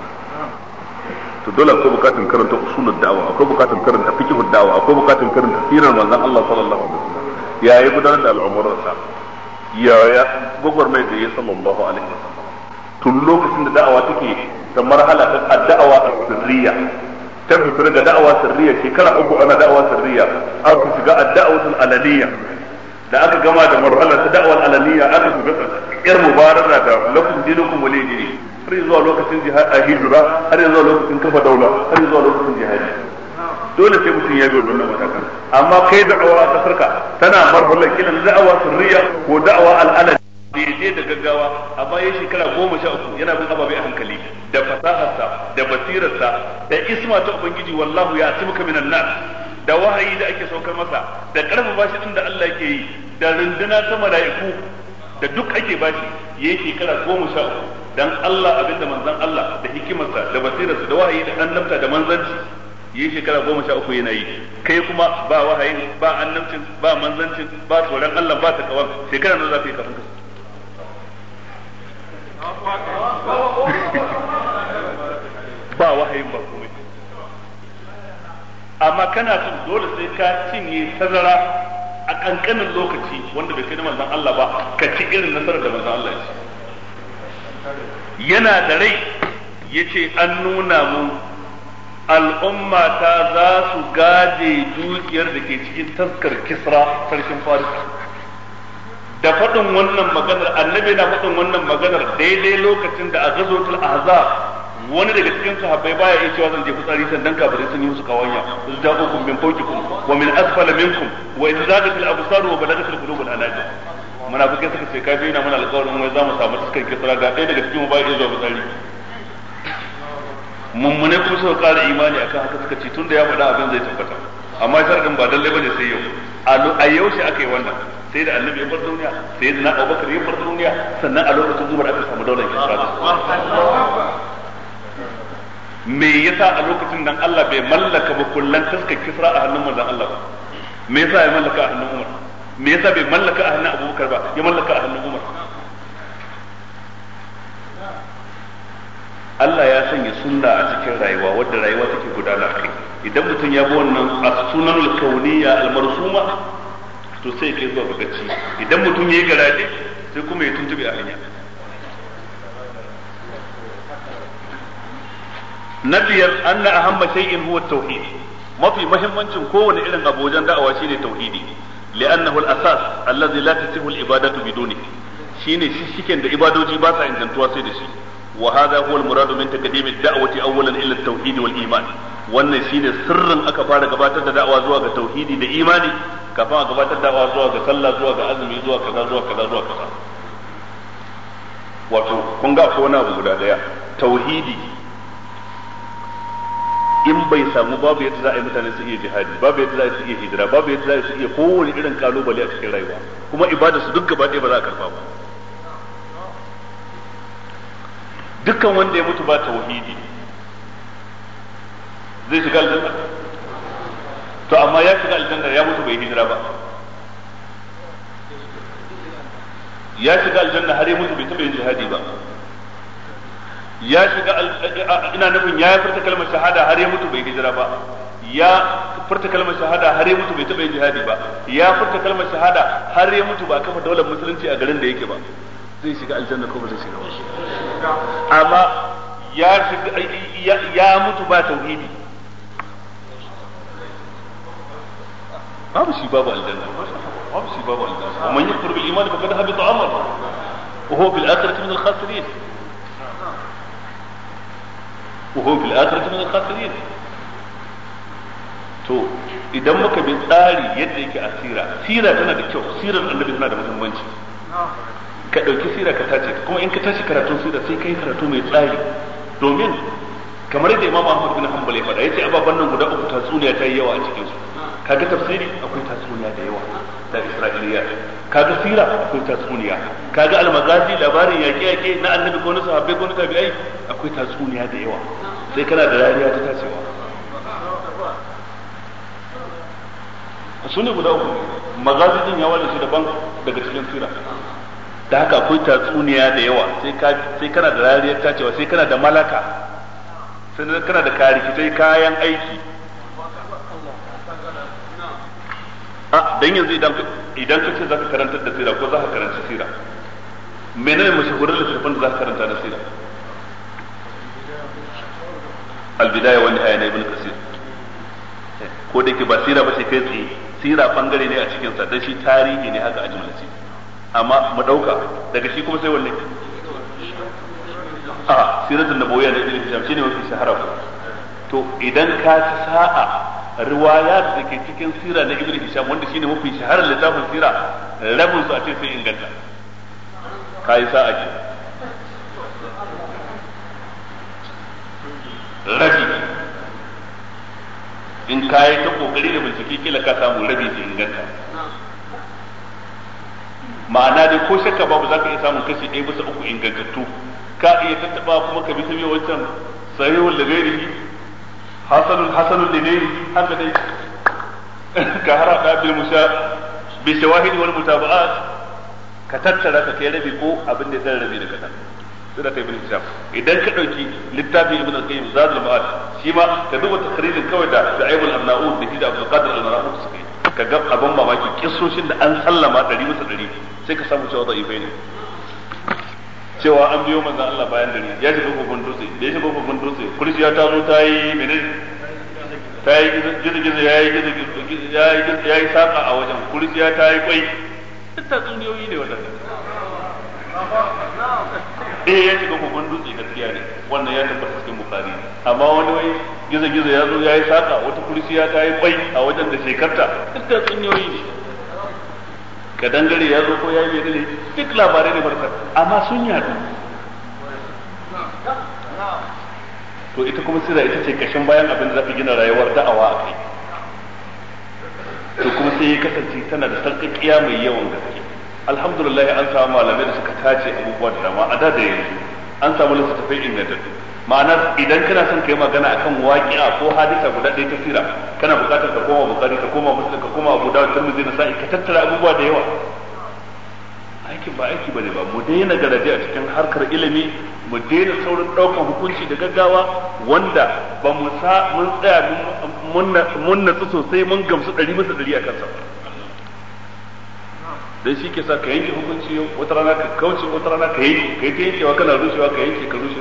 to dole akwai bukatun karanta usulul da'wa akwai bukatun karanta fiqhud da'wa akwai bukatun karanta sirar manzon Allah sallallahu alaihi wasallam ya yi gudanar da al'amuransa ya ya gogor mai da ya sallallahu alaihi wasallam tun lokacin da da'awa take ta marhala ta da'awa sirriya ta fitar da da'awa sirriya shekara uku ana da'awa sirriya an ku shiga ad-da'watul alaniya da aka gama da marhala ta da'awar alaniya aka shiga yar mubarara da lakum dinukum waliyyi har zuwa lokacin jihar a hijira har zuwa lokacin kafa daula har zuwa lokacin jihadi dole sai mutum ya bi wannan matakan amma kai da'awa a kasarka tana marhulan kila da'awa sirriya ko da'awa al'adar. da ya da gaggawa amma ya shekara goma sha uku yana bin ababe a hankali da fasaharsa da basirarsa da isma ta ubangiji wallahu ya asimuka minan nan da wahayi da ake saukar masa da karfafa shi tun da Allah yake yi da runduna ta mala'iku da duk ake bashi yayi shekara goma sha uku dan Allah abinda manzon Allah da hikimarsa da basirarsa da wahayi da annabta da manzanci yi shekara goma sha uku yana yi kai kuma ba wahayi ba annabcin ba manzancin ba tsoron Allah ba kawar shekara nan za ka yi kafin ka ba wahayin ba komai amma kana cin dole sai ka cinye tazara a kankanin lokaci wanda bai kai na manzon Allah ba ka ci irin nasarar da manzon Allah ya ci yana da rai Ya ce an nuna mu al'umma ta za su gaje dukiyar da ke cikin taskar kisra sarkin Farisa. da faɗin wannan maganar annabi na faɗin wannan maganar daidai lokacin da a gazotul a wani daga cikin sahabbai baya iya cewa zan je fitsari sannan kafirai sun yi musu kawanya su ja hukum min fawqikum wa min asfala minkum wa idza zaqat al absar wa balagat al qulub al anajir munafikai suka ce kafi yana mana alƙawarin wai za mu samu iskar kisra ga ɗaya daga cikin mu ba ya zuwa fitsari mummune kuma suka ƙara imani akan haka suka ce tunda ya faɗa abin zai tabbata amma sharadin ba lallai bane sai yau a yau shi aka yi wannan sai da annabi ya bar duniya sai da na abubakar ya bar duniya sannan a lokacin umar aka samu daular kisra me yasa a lokacin nan Allah bai mallaka ba kullan taskar kisra a hannun manzon Allah ba me yasa ya mallaka a hannun Umar me yasa bai mallaka a hannun abubakar ba ya mallaka a hannun umar Allah ya sanya sunna a cikin rayuwa wadda rayuwa take gudana kai idan mutum ya bi wannan sunan sunanul kauniyya al to sai ke zuwa ga idan mutum ya yi garaje sai kuma ya tuntube a hanya na biyar an na a hamba shay'in huwa tauhidi mafi mahimmancin kowane irin abu wajen da'awa shine tauhidi li'annahu asas allazi la tasihu al-ibadatu biduni shine shi shiken ibadoji ba sa sai da shi wa hadha min taqdim ad-da'wati awwalan ila at-tauhid wal wannan shine sirrin aka fara gabatar da da'awa zuwa ga tauhidi da imani kafin a gabatar da da'awa zuwa ga sallah zuwa ga azumi zuwa kaza zuwa kaza zuwa kaza wato kun ga abu guda daya tauhidi in bai samu babu yadda za a yi mutane su iya jihadi babu yadda za su iya hijira babu yadda za su iya kowane irin kalubale a cikin rayuwa kuma ibada su duk gaba ɗaya ba za a karfa ba dukkan wanda ya mutu ba tauhidi zai shiga aljanna to amma ya shiga aljanna ya mutu bai hijira ba ya shiga aljanna har ya mutu bai taɓa yin jihadi ba ya shiga ina nufin ya furta kalmar shahada har ya mutu bai hijira ba ya furta kalmar shahada har ya mutu bai taɓa jihadi ba ya furta kalmar shahada har ya mutu ba kafa daular musulunci a garin da yake ba zai shiga aljanna ko ba zai shiga ba amma ya shiga ya mutu ba tauhidi babu shi babu aljanna babu shi babu aljanna amma yakfur bil iman fa faqad habita amalu wa huwa bil akhirati min al khasirin wa huwa fil akhirati min to idan muka bi tsari yadda yake a sira sira tana da kyau sirar annabi tana da muhimmanci ka ɗauki sira ka tace kuma in ka tashi karatun sira sai ka yi karatu mai tsari domin kamar yadda imam ahmad bin hanbal ya faɗa yace ababan nan guda uku tatsuniya ta yi yawa a cikin su kaga tafsiri akwai tatsuniya da yawa ta Isra'iliya kaga sira akwai tatsuniya kaga almagazi labarin yaƙe yaƙe na annabi ko na sahabbai ko na tabi'ai akwai tatsuniya da yawa sai kana da rariya ta tacewa sune guda uku magazi din ya ware su daban daga cikin sira da haka akwai tatsuniya da yawa sai ka kana da ta tacewa sai kana da malaka sai kana da karikitai kayan aiki a dan yanzu idan idan ka ce zaka karanta da sira ko zaka karanta sira menene mashahurin littafin da zaka karanta na sira al-bidaya wa nihaya na ibn kasir ko da ke ba sira ba sai kai tsi sira bangare ne a cikin sa dan shi tarihi ne haka a jumlace amma mu dauka daga shi kuma sai wanne a siratul nabawiyya da ibn hisham shine mafi shahara to idan ka ci sa'a riwayat da ke cikin sira na ibnu hisham wanda shine mafi shaharar littafin sira rabin su a ce sai inganta kai sa'a ke rabi in kai ta kokari da bincike kila ka samu rabi da inganta ma'ana dai ko shakka babu za ka iya samun kashi ɗaya bisa uku ingantattu ka iya tattaɓa kuma ka bi ta wancan sahihul da gairihi hasanul hasanul ligairi haka dai ka harada bil musha bi shawahid wal mutaba'at ka tattara ka kai rabi ko abin da zai rabi da kadan da kai ibn hisham idan ka dauki littafin ibnu qayyim zadul ma'ad shi ma ka duba takririn kawai da da'ibul annaud da hida da abdul qadir al-marhum suka yi ka ga abin mamaki kissoshin da an sallama 100 bisa 100 sai ka samu cewa da'ifai ne cewa an biyo manzon Allah bayan dare ya shiga kofin dutse da ya shiga kofin dutse kurciya ya tazo ta yi menene ta yi gizo gizo ya yi gizo ya yi saka a wajen ya ta yi kwai duk ta tsungiyoyi ne wannan eh ya shiga kofin dutse gaskiya ne wannan ya tabbata cikin bukari amma wani wai gizo gizo ya zo ya yi saka wata ya ta yi kwai a wajen da shekarta duk ta tsungiyoyi ne ka dangare ya zo ko ya yi dalili duk labarai ne barka amma sun yadu to ita kuma sira ita ce kashin bayan abin da za gina rayuwar da'awa a kai to kuma sai ya kasance tana da sarƙaƙiya mai yawan gaske alhamdulillah an samu malamai da suka tace abubuwa da dama a da da yanzu an samu littattafai ingantattu ma'ana idan kana son kai magana akan waqi'a ko hadisa guda ɗaya ta sira kana buƙatar ka koma bukari ka koma muslim ka koma abu ta tirmidhi na sa'i ka tattara abubuwa da yawa aikin ba aiki bane ba mu daina garaje a cikin harkar ilimi mu daina saurin ɗaukar hukunci da gaggawa wanda ba mu sa mun tsaya mun natsu sosai mun gamsu ɗari bisa ɗari a kansa dan shi ke sa ka yanke hukunci wata rana ka kauce wata rana ka yanke kai ta yankewa kana rushewa ka yanke ka rushe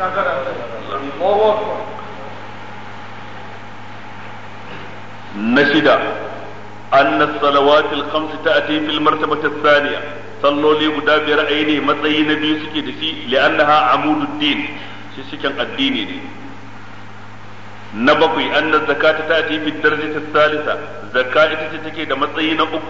na shida أن الصلوات الخمس تأتي في المرتبة الثانية صلوا لي مدابر أيني مطي نبي سكي دسي لأنها عمود الدين سكن الدين دي نبقي أن الزكاة تأتي في الدرجة الثالثة زكاة تتكي دا مطي نبقو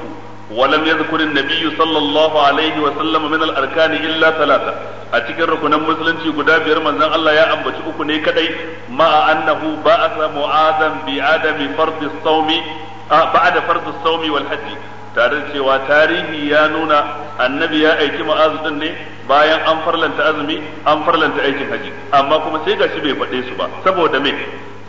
ولم يذكر النبي صلى الله عليه وسلم من الاركان الا ثلاثه a cikin rukunin musulunci guda biyar manzan Allah ya ambaci uku ne kadai ma annahu ba'atha mu'adhan bi adami fardi sawmi ba'da wal hajj tare da cewa tarihi ya nuna annabi ya aiki ma'azu din ne bayan an farlanta azumi an farlanta aikin haji amma kuma sai gashi bai faɗe su ba saboda me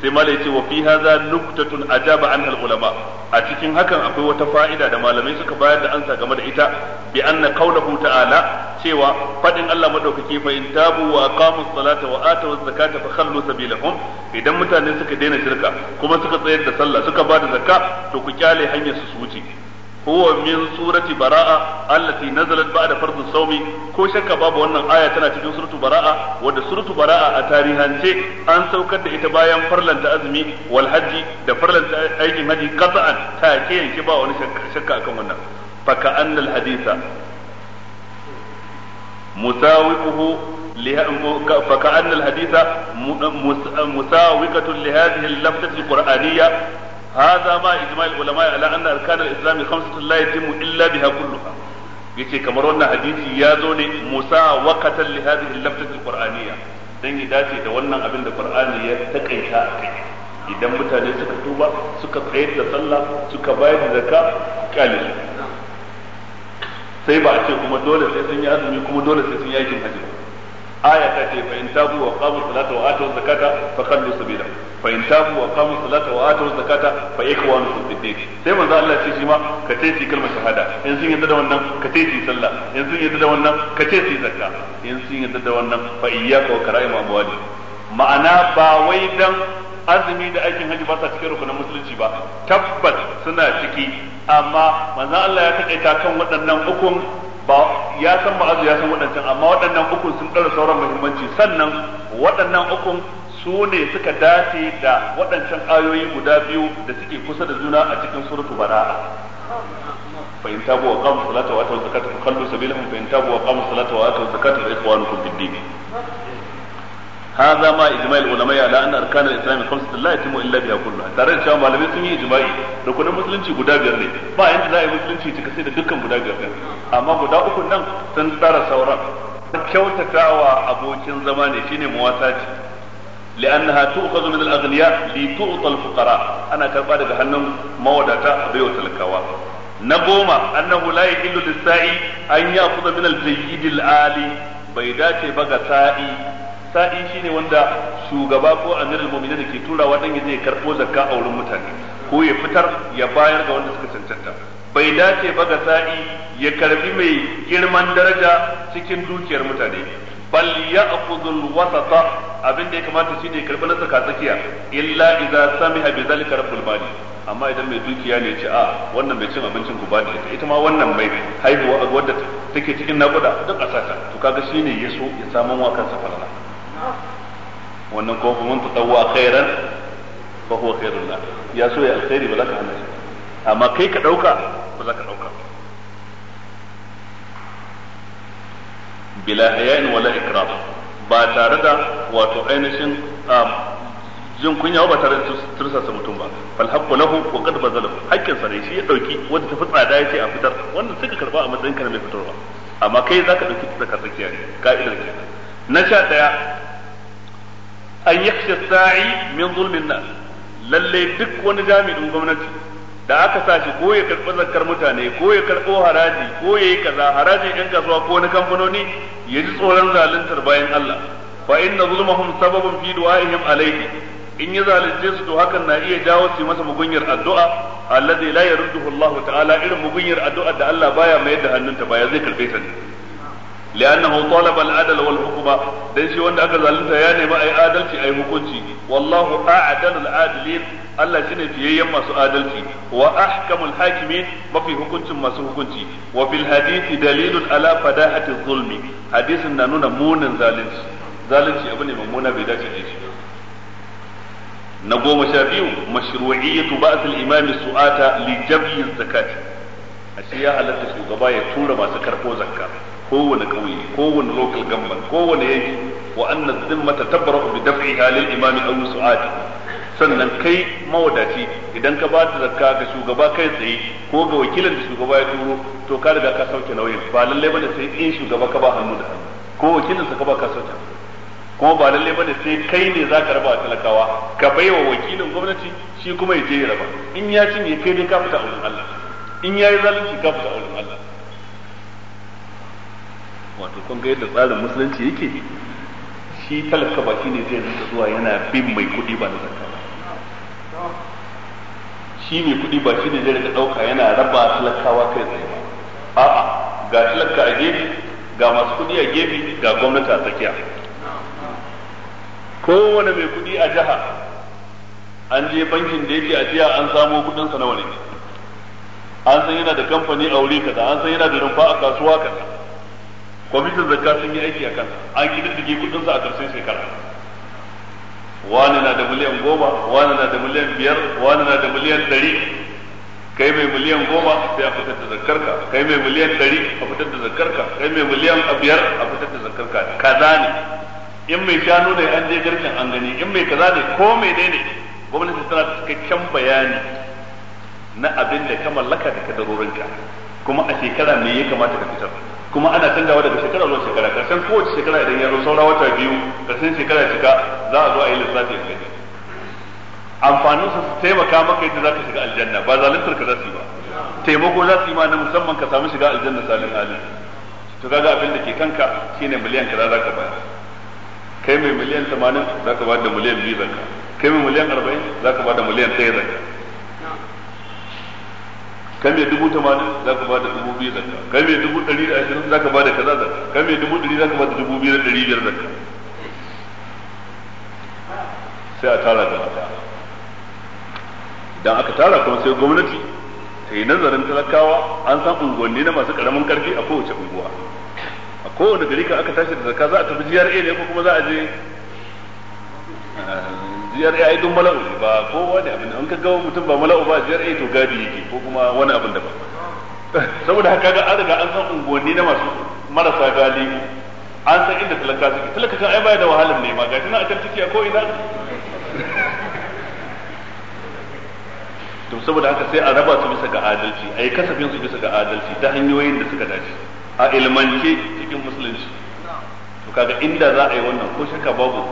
sai malai ce wa fi hadha nuktatun ajaba anha ulama a cikin hakan akwai wata fa'ida da malamai suka bayar da ansa game da ita bi anna qawluhu ta'ala cewa fadin Allah madaukaki fa in tabu wa aqamu salata wa atu zakata fa khallu sabilahum idan mutane suka daina shirka kuma suka tsayar da sallah suka bada zakka to ku kyale hanyar su wuce huwa min surati bara'a allati nazalat ba'da fardhu sawmi ko shakka babu wannan aya tana cikin surutu bara'a wanda surutu bara'a a tarihance an saukar da ita bayan farlanta azumi wal hajji da farlanta aikin haji qat'an ta ke yanke ba wani shakka akan wannan fa ka annal haditha musawiquhu فكأن الحديث مساوقة لهذه hadha ma ijma'il ulama ala anna arkan al-islam khamsatun la yatimu illa biha kulluha yace kamar wannan hadisi ya zo ne Musa li hadhihi al-lafzah al-qur'aniyya dan ya dace da wannan abin da qur'ani ya takaita a kai idan mutane suka tuba suka tsayar da sallah suka bayar da zakka kalil sai ba a ce kuma dole sai sun yi azumi kuma dole sai sun yi hajji aya ta ce تابوا وقاموا tabu wa الزكاة salata wa atu zakata fa khallu sabila fa in tabu wa qamu salata wa atu zakata كتيتي كلمة شهادة din sai manzo Allah ce shi ma ka ce shi kalmar shahada in sun yadda da wannan ka ce sallah ma'ana ba wai dan azumi da aikin haji ba sa cikin rukunin musulunci ba tabbat suna ciki amma manzo Allah ya takaita kan waɗannan ukun ba ya san ma'azu ya san waɗancan amma waɗannan ukun sun ɗara sauran muhimmanci sannan waɗannan ukun su ne suka dace da waɗancan ayoyi guda biyu da suke kusa da juna a cikin suratu bara'a fa in tabu wa qamu salata wa atu zakata fa khallu sabilahum fa in tabu wa qamu salata wa atu zakata fa ikhwanukum fid din هذا ما اجماع العلماء على ان اركان الاسلام خمسه لا يتم الا بها كلها tare da cewa malamai sun yi ijma'i rukunin musulunci guda biyar ne ba yanda za a yi musulunci cika sai da dukkan guda biyar ne. amma guda uku nan sun tsara sauran kyautatawa abokin zama ne shine ce. لأنها تؤخذ من الأغنياء لتعطى الفقراء أنا كربا daga hannun mawadata bayo talakawa na goma annahu la yahillu lis-sa'i an ya'khudha min al-jayyid al-ali bai dace ba ga sa'i sa'i shine wanda shugaba ko amirul mu'minin ke turawa dan ya je karbo zakka a wurin mutane ko ya fitar ya bayar ga wanda suka cancanta bai dace ba ga sa'i ya karbi mai girman daraja cikin dukiyar mutane bal ya'khudhul wasata abin da ya kamata shine ya karbi na tsaka tsakiya illa idza samiha bi zalika rabbul mali amma idan mai dukiya ne ce a wannan bai cin abincin ku ba da ita ita ma wannan mai haihuwa wadda take cikin nakuda duk a sata to kaga shine yaso ya samu wa kansa falala wannan ko kuma ta a khairan fa huwa khairun la ya so ya alkhairi ba za ka hana shi amma kai ka dauka ba za ka dauka bila hayain wala ikram ba tare da wato ainihin jin kunya ba tare da tursasa mutum ba fal haqqu lahu wa qad bazalahu hakkin sa ne shi ya dauki wanda fi tsada yace a fitar wannan suka karba a matsayin kana mai fitarwa amma kai za dauki ta tsaka tsakiya ne ka'idar ke na sha daya an yakhsha sa'i min zulmin nas lalle duk wani jami'in gwamnati da aka sa shi ko ya karɓi zakkar mutane ko ya karɓo haraji ko ya yi kaza harajin yan kasuwa ko wani kamfanoni ya ji tsoron zaluntar bayan Allah fa inna zulmahum sababun fi du'aihim alayhi in ya zalunce su to hakan na iya jawo su masa mugunyar addu'a alladhi la yarudduhu Allah ta'ala irin mugunyar addu'a da Allah baya mayar da hannunta baya zai karɓe ta ne li'annahu talaba al-adl wal hukma dan shi wanda aka zalunta ya nemi ai adalci a yi hukunci wallahu a'dalu al-adilin Allah shine fiyayyen masu adalci wa ahkamul hakimi mafi hukuncin masu hukunci wa fil hadithi dalilun ala fadahati zulmi hadisin na nuna munin zalunci zalunci abu ne bai dace da shi na goma sha biyu mashru'iyyatu ba'th al-imam su'ata li jab'i zakati ashe ya halatta shugaba ya tura masu karɓo zakka kowane kauye kowane local government kowane yanki wa anna zimmata tabra'u bi daf'iha lil imami aw su'ati sannan kai mawadaci idan ka ba da zakka ga shugaba kai tsaye ko ga wakilin da shugaba ya turo to ka riga ka sauke nauyin ba lalle bane sai in shugaba ka ba hannu da hannu ko wakilin sa ka ba ka sauke kuma ba lalle bane sai kai ne za ka raba talakawa ka baiwa wakilin gwamnati shi kuma ya je ya raba in ya cinye kai dai ka fita a wurin Allah in yayi zalunci ka fita a wurin Allah wato kun ga yadda tsarin musulunci yake shi talaka baki ne zai rinka zuwa yana bin mai kuɗi ba da zakka ba shi mai kuɗi ba shi ne zai rinka ɗauka yana raba talakawa kai tsaye ba a'a ga talaka a gefe ga masu kuɗi a gefe ga gwamnati a tsakiya kowane mai kuɗi a jiha an je bankin da yake ajiya an samo kuɗinsa nawa ne an san yana da kamfani a wuri kaza an san yana da rumfa a kasuwa kaza kwamitin zakka sun yi aiki a kan an kididdige kudin sa a karshen shekara wani na da miliyan goma wani na da miliyan biyar wani na da miliyan ɗari kai mai miliyan goma sai a fitar da ka kai mai miliyan ɗari a fitar da ka kai mai miliyan biyar a fitar da ka kaza ne in mai shanu ne an je garken an gani in mai kaza ne ko mai ne gwamnati tana da cikakken bayani na abin da ka mallaka da da kuma a shekara me ya kamata ka fitar kuma ana canjawa daga shekara zuwa shekara karshen kowace shekara idan ya zo saura wata biyu karshen shekara cika za a zo a yi lissafi a gani amfanin su su taimaka maka yadda zaka shiga aljanna ba zalintar ka za su yi ba taimako za su yi ma na musamman ka samu shiga aljanna salin Ali. to kaga abin da ke kanka shine miliyan kaza ka bayar kai mai miliyan 80 ka bayar da miliyan 2 zaka kai mai miliyan 40 ka bayar da miliyan 1 zaka kai mai dubu tamanin za ka bada dubu biyu zakka kai mai dubu ɗari da ashirin za ka bada kaza zakka kai mai dubu ɗari za ka bada dubu biyu da ɗari biyar zakka sai a tara gaba ɗaya dan aka tara kuma sai gwamnati ta yi nazarin talakawa an san unguwanni na masu karamin karfi a kowace unguwa a kowane gari ka aka tashi da zakka za a tafi GRA ne ko kuma za a je eh, GRA ai dun mala'u ba kowa wani abin da an gawo mutum ba mala'u ba ai to gadi yake ko kuma wani abin da ba saboda haka ga an riga an san unguwanni na masu marasa galihu an san inda talaka suke talaka kan ai baya da wahalar nema ga tana a can a ko ina to saboda haka sai a raba su bisa ga adalci a yi kasafin su bisa ga adalci ta hanyoyin da suka dace a ilmance cikin musulunci to kaga inda za a yi wannan ko shakka babu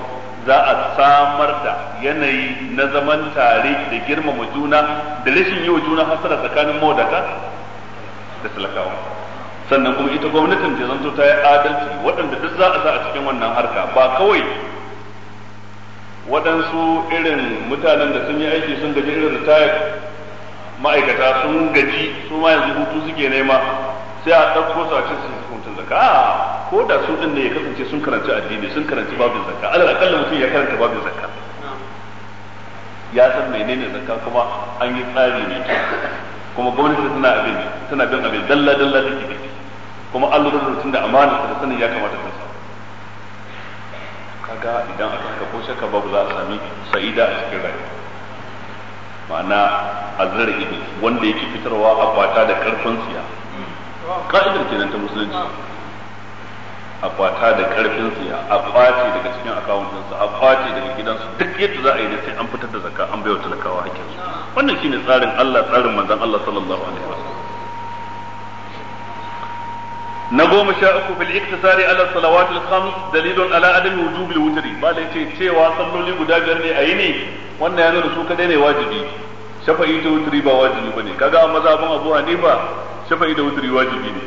za a samar da yanayi na zaman tare da girmama juna da rashin yi wa juna hasara tsakanin mawadata da talakawa sannan kuma ita gwamnatin da zanto ta yi adalci waɗanda duk za a sa a cikin wannan harka ba kawai waɗansu irin mutanen da sun yi aiki sun gaji irin ritaya ma'aikata sun gaji su ma yanzu hutu suke nema sai a ɗauko su a cikin hukuncin zaka ah, ko da su din ne ya kasance sun karanci addini sun karanci babin zakka alal akalla mutum ya karanta babin zakka ya san menene zakka kuma an yi tsari ne kuma gwamnati tana abin tana bin abin dalla dalla da kike kuma an lura da amana ta sanin ya kamata ta sa kaga idan aka ka ko shakka babu za a sami sa'ida a cikin rayuwa ma'ana azrar ido wanda yake fitarwa a kwata da karfin siya ka'idar kenan ta musulunci a kwata da karfin ya a kwace daga cikin akawuntinsu a kwace daga gidansu duk yadda za a yi da sai an fitar da zakka an wa talakawa hakkin su wannan shine tsarin Allah tsarin manzon Allah sallallahu alaihi wasallam na goma sha uku fil iktisari ala salawat al khams dalilun ala adam wujub al wutri ba da ce cewa salloli guda biyar ne ayi ne wannan ya nuna su kadai ne wajibi shafa'i ta wutri ba wajibi bane kaga amma zabun Abu Hanifa shafa'i da wuturi wajibi ne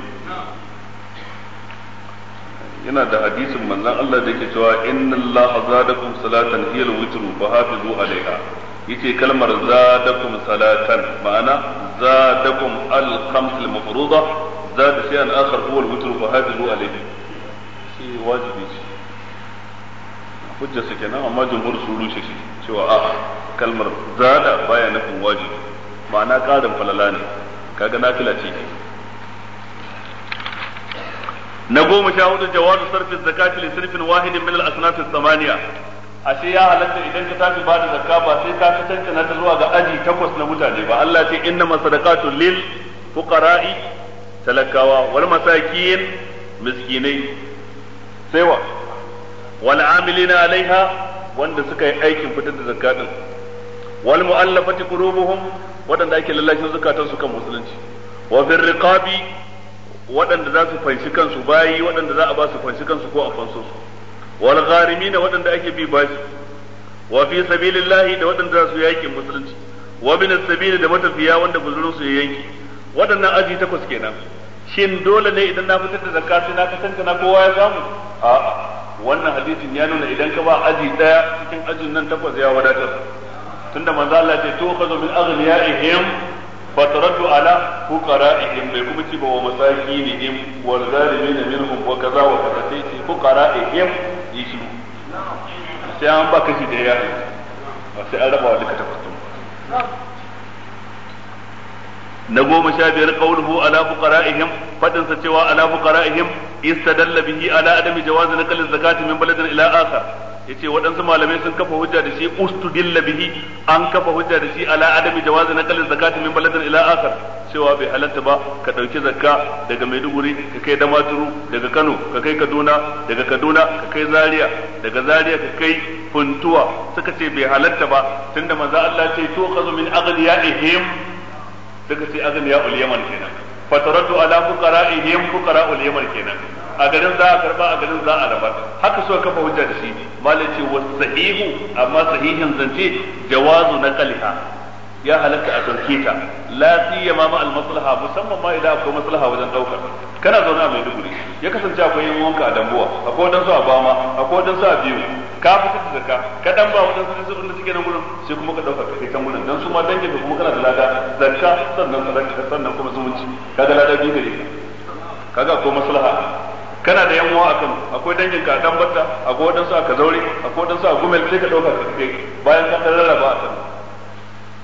yana da hadisin manzon Allah da yake cewa inna Allah zadakum salatan hiya al-witru fa hafizu alaiha yace kalmar zadakum salatan ma'ana zadakum al-khams al-mafruḍa zad shay'an akhar huwa al-witru fa hafizu alaihi shi wajibi shi hujja su kenan amma jumhur su rushe shi cewa a kalmar zada baya nufin wajibi ma'ana ƙarin falala ne kaga nafila ce na goma sha hudu jawazu sarfi zakati li sirfin wahidin min al-asnaf samaniya ashe ya halatta idan ka tafi ba da zakka ba sai ka kasance na ta zuwa ga aji takwas na mutane ba Allah ce inna masadaqatu lil fuqara'i talakawa wal masakin miskinai sai wa wal amilina alaiha wanda suka yi aikin fitar da zakka din wal mu'allafati qulubuhum waɗanda ake lallashin zukatan su kan musulunci wa fil riqabi waɗanda za su fanshi kansu bayi waɗanda za a ba su fanshi kansu ko a fanso su wal gharimina waɗanda ake bi bashi wa fi sabilillahi da waɗanda za su yaƙi musulunci wa bin sabili da matafiya wanda guzurin su ya yanki waɗannan aji takwas kenan shin dole ne idan na fitar da zakka sai na kasance na kowa ya zamu? a'a wannan hadisin ya nuna idan ka ba aji daya cikin ajin nan takwas ya wadatar tunda manzo Allah ce to khazu min aghniyaihim fa taraddu ala fuqaraihim bai kuma ci ba wa masakinihim wal zalimin minhum wa kaza wa kaza sai ce fuqaraihim yishu sai an ba kashi da ya sai an raba wa duka tafassum na goma sha biyar qawluhu ala fuqara'ihim fadin sa cewa ala fuqara'ihim istadalla bihi ala adami jawaz naqli zakati min baladin ila akhar yace waɗansu malamai sun kafa hujja da shi ustudilla bihi an kafa hujja da shi ala adami jawazi kalin zakati min baladin ila akhar cewa bai halatta ba ka dauki zakka daga Maiduguri ka kai Damaturu daga Kano ka kai Kaduna daga Kaduna ka kai Zaria daga Zaria ka kai Funtuwa suka ce bai halatta ba tunda manzo Allah ce to khazu min aghniyaihim suka ce aghniya ul yaman kenan fataratu ala fuqara'ihim fuqara'ul yaman kenan a garin za a karba a garin za a rabar haka so kafa hujja da shi malai ce wa sahihu amma sahihin zance jawazu na kaliha ya halatta a dauke ta la siyama ma al maslaha musamman ma idan akwai maslaha wajen daukar kana zaune a Maiduguri ya kasance akwai yin wanka a Dambuwa akwai wadansu a Bama akwai wadansu a Biyu ka fita da zaka ka dan ba wadansu da suke da nan gurin sai kuma ka dauka kai kan gurin dan su ma dangin kuma kana da lada zakka sannan sannan kuma zumunci kaga lada biyu gare ka kaga akwai maslaha kana da yanwa a kanu akwai dangin ka dan batta akwai wadansu a Kazaure akwai wadansu a Gumel sai ka dauka ka kai bayan ka dan rarraba a kanu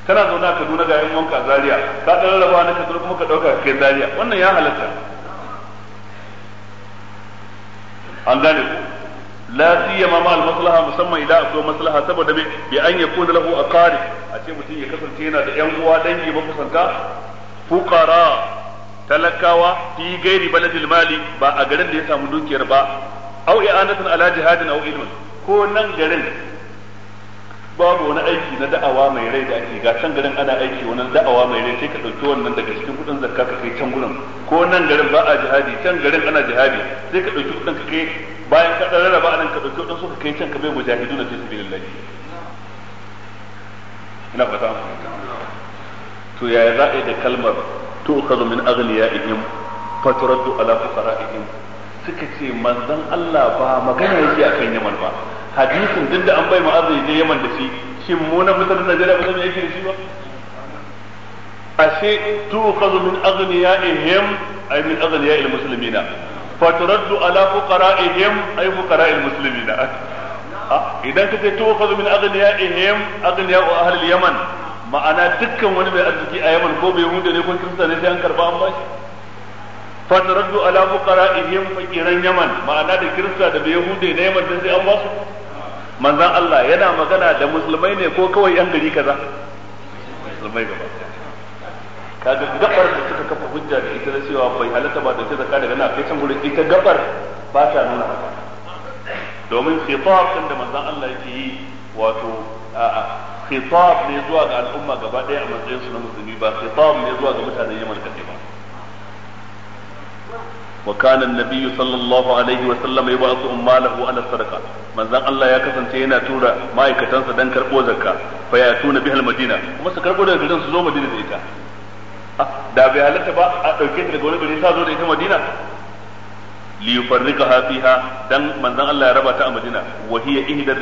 kana zaune a Kaduna ga yan wanka Zaria ka dan rarraba ka zo kuma ka dauka ka kai Zaria wannan ya halatta an gane ku la siyama ma al maslaha musamman idan akwai maslaha saboda me bi an yakuna lahu aqari a ce mutum ya kasance yana da yan uwa dangi makusanta fuqara talakawa fi gairi baladil mali ba a garin da ya samu dukiyar ba au i'anatan ala jihadin au ilmin ko nan garin babu wani aiki na da'awa mai rai da ake ga can garin ana aiki wani da'awa mai rai sai ka dauki wannan daga cikin kuɗin zakka ka kai can gurin ko nan garin ba a jihadi can garin ana jihadi sai ka dauki kudin ka kai bayan ka dan rarraba anan ka dauki kudin su ka kai can ka bai mujahidu na fi sabilillah ina fata to yaya za a yi da kalmar tu'khadhu min aghniyaihim faturaddu ala fuqara'ihim suka ce manzon Allah ba magana yake akan Yaman ba hadisin duk da an bai ma'azi ne Yaman da shi shin mu na fitar ba zai yake da shi ba ashe tu'khadhu min aghniyaihim ay min aghniya'il muslimina faturaddu ala fuqara'ihim ay fuqara'il muslimina ah, idan kace tu'khadhu min aghniyaihim yaman ma'ana dukkan wani mai arziki a yaman ko bai hude ne ko kirista ne sai an karba an bashi fataraddu ala fuqara'ihim faqiran yaman ma'ana da kirista da bai hude na yaman sai an basu manzon Allah yana magana da musulmai ne ko kawai yan gari kaza musulmai gaba kaga gabar da suka kafa hujja da ita da cewa bai halatta ba da ta zakka daga nan kai can gurin ita gabar ba ta nuna domin khitab din da manzon Allah yake yi wato a'a khitab ne zuwa ga al'umma gaba ɗaya a matsayin su na musulmi ba khitab ne zuwa ga mutanen Yaman kaɗai ba wa kana an-nabiy sallallahu alaihi wa sallam yub'athu ummalahu ala sadaqa manzon Allah ya kasance yana tura ma'aikatansa dan karbo zakka fa ya tuna bihal madina kuma su karbo daga garin su zo madina da ita da bai halatta ba a dauke ta daga wani gari sa zo da ita madina li yufarriqaha dan manzon Allah ya raba ta a Madina wa hiya ihda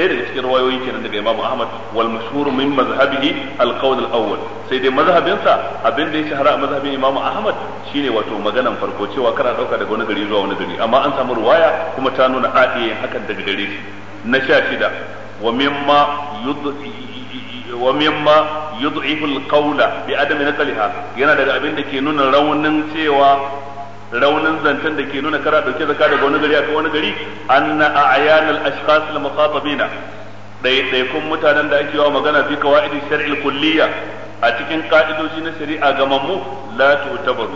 cikin riwayoyi kenan daga Imam Ahmad wal mashhur min sai dai mazhabinsa abin da ya shahara a mazhabin Imam Ahmad shine wato maganan farko cewa dauka daga amma an samu kuma ta nuna hakan daga shi na sha shida wa mimma yud'ifu al-qawla bi adami naqliha yana daga abin da ke nuna raunin cewa raunin zancen da ke nuna kara dauke zaka daga wani gari aka wani gari anna a'yan al-ashkhas al-mukhatabina ɗaiɗaikun mutanen da ake wa magana fi kawa'idi shar'il kulliya a cikin ka'idoji na shari'a ga mammu la tu'tabaru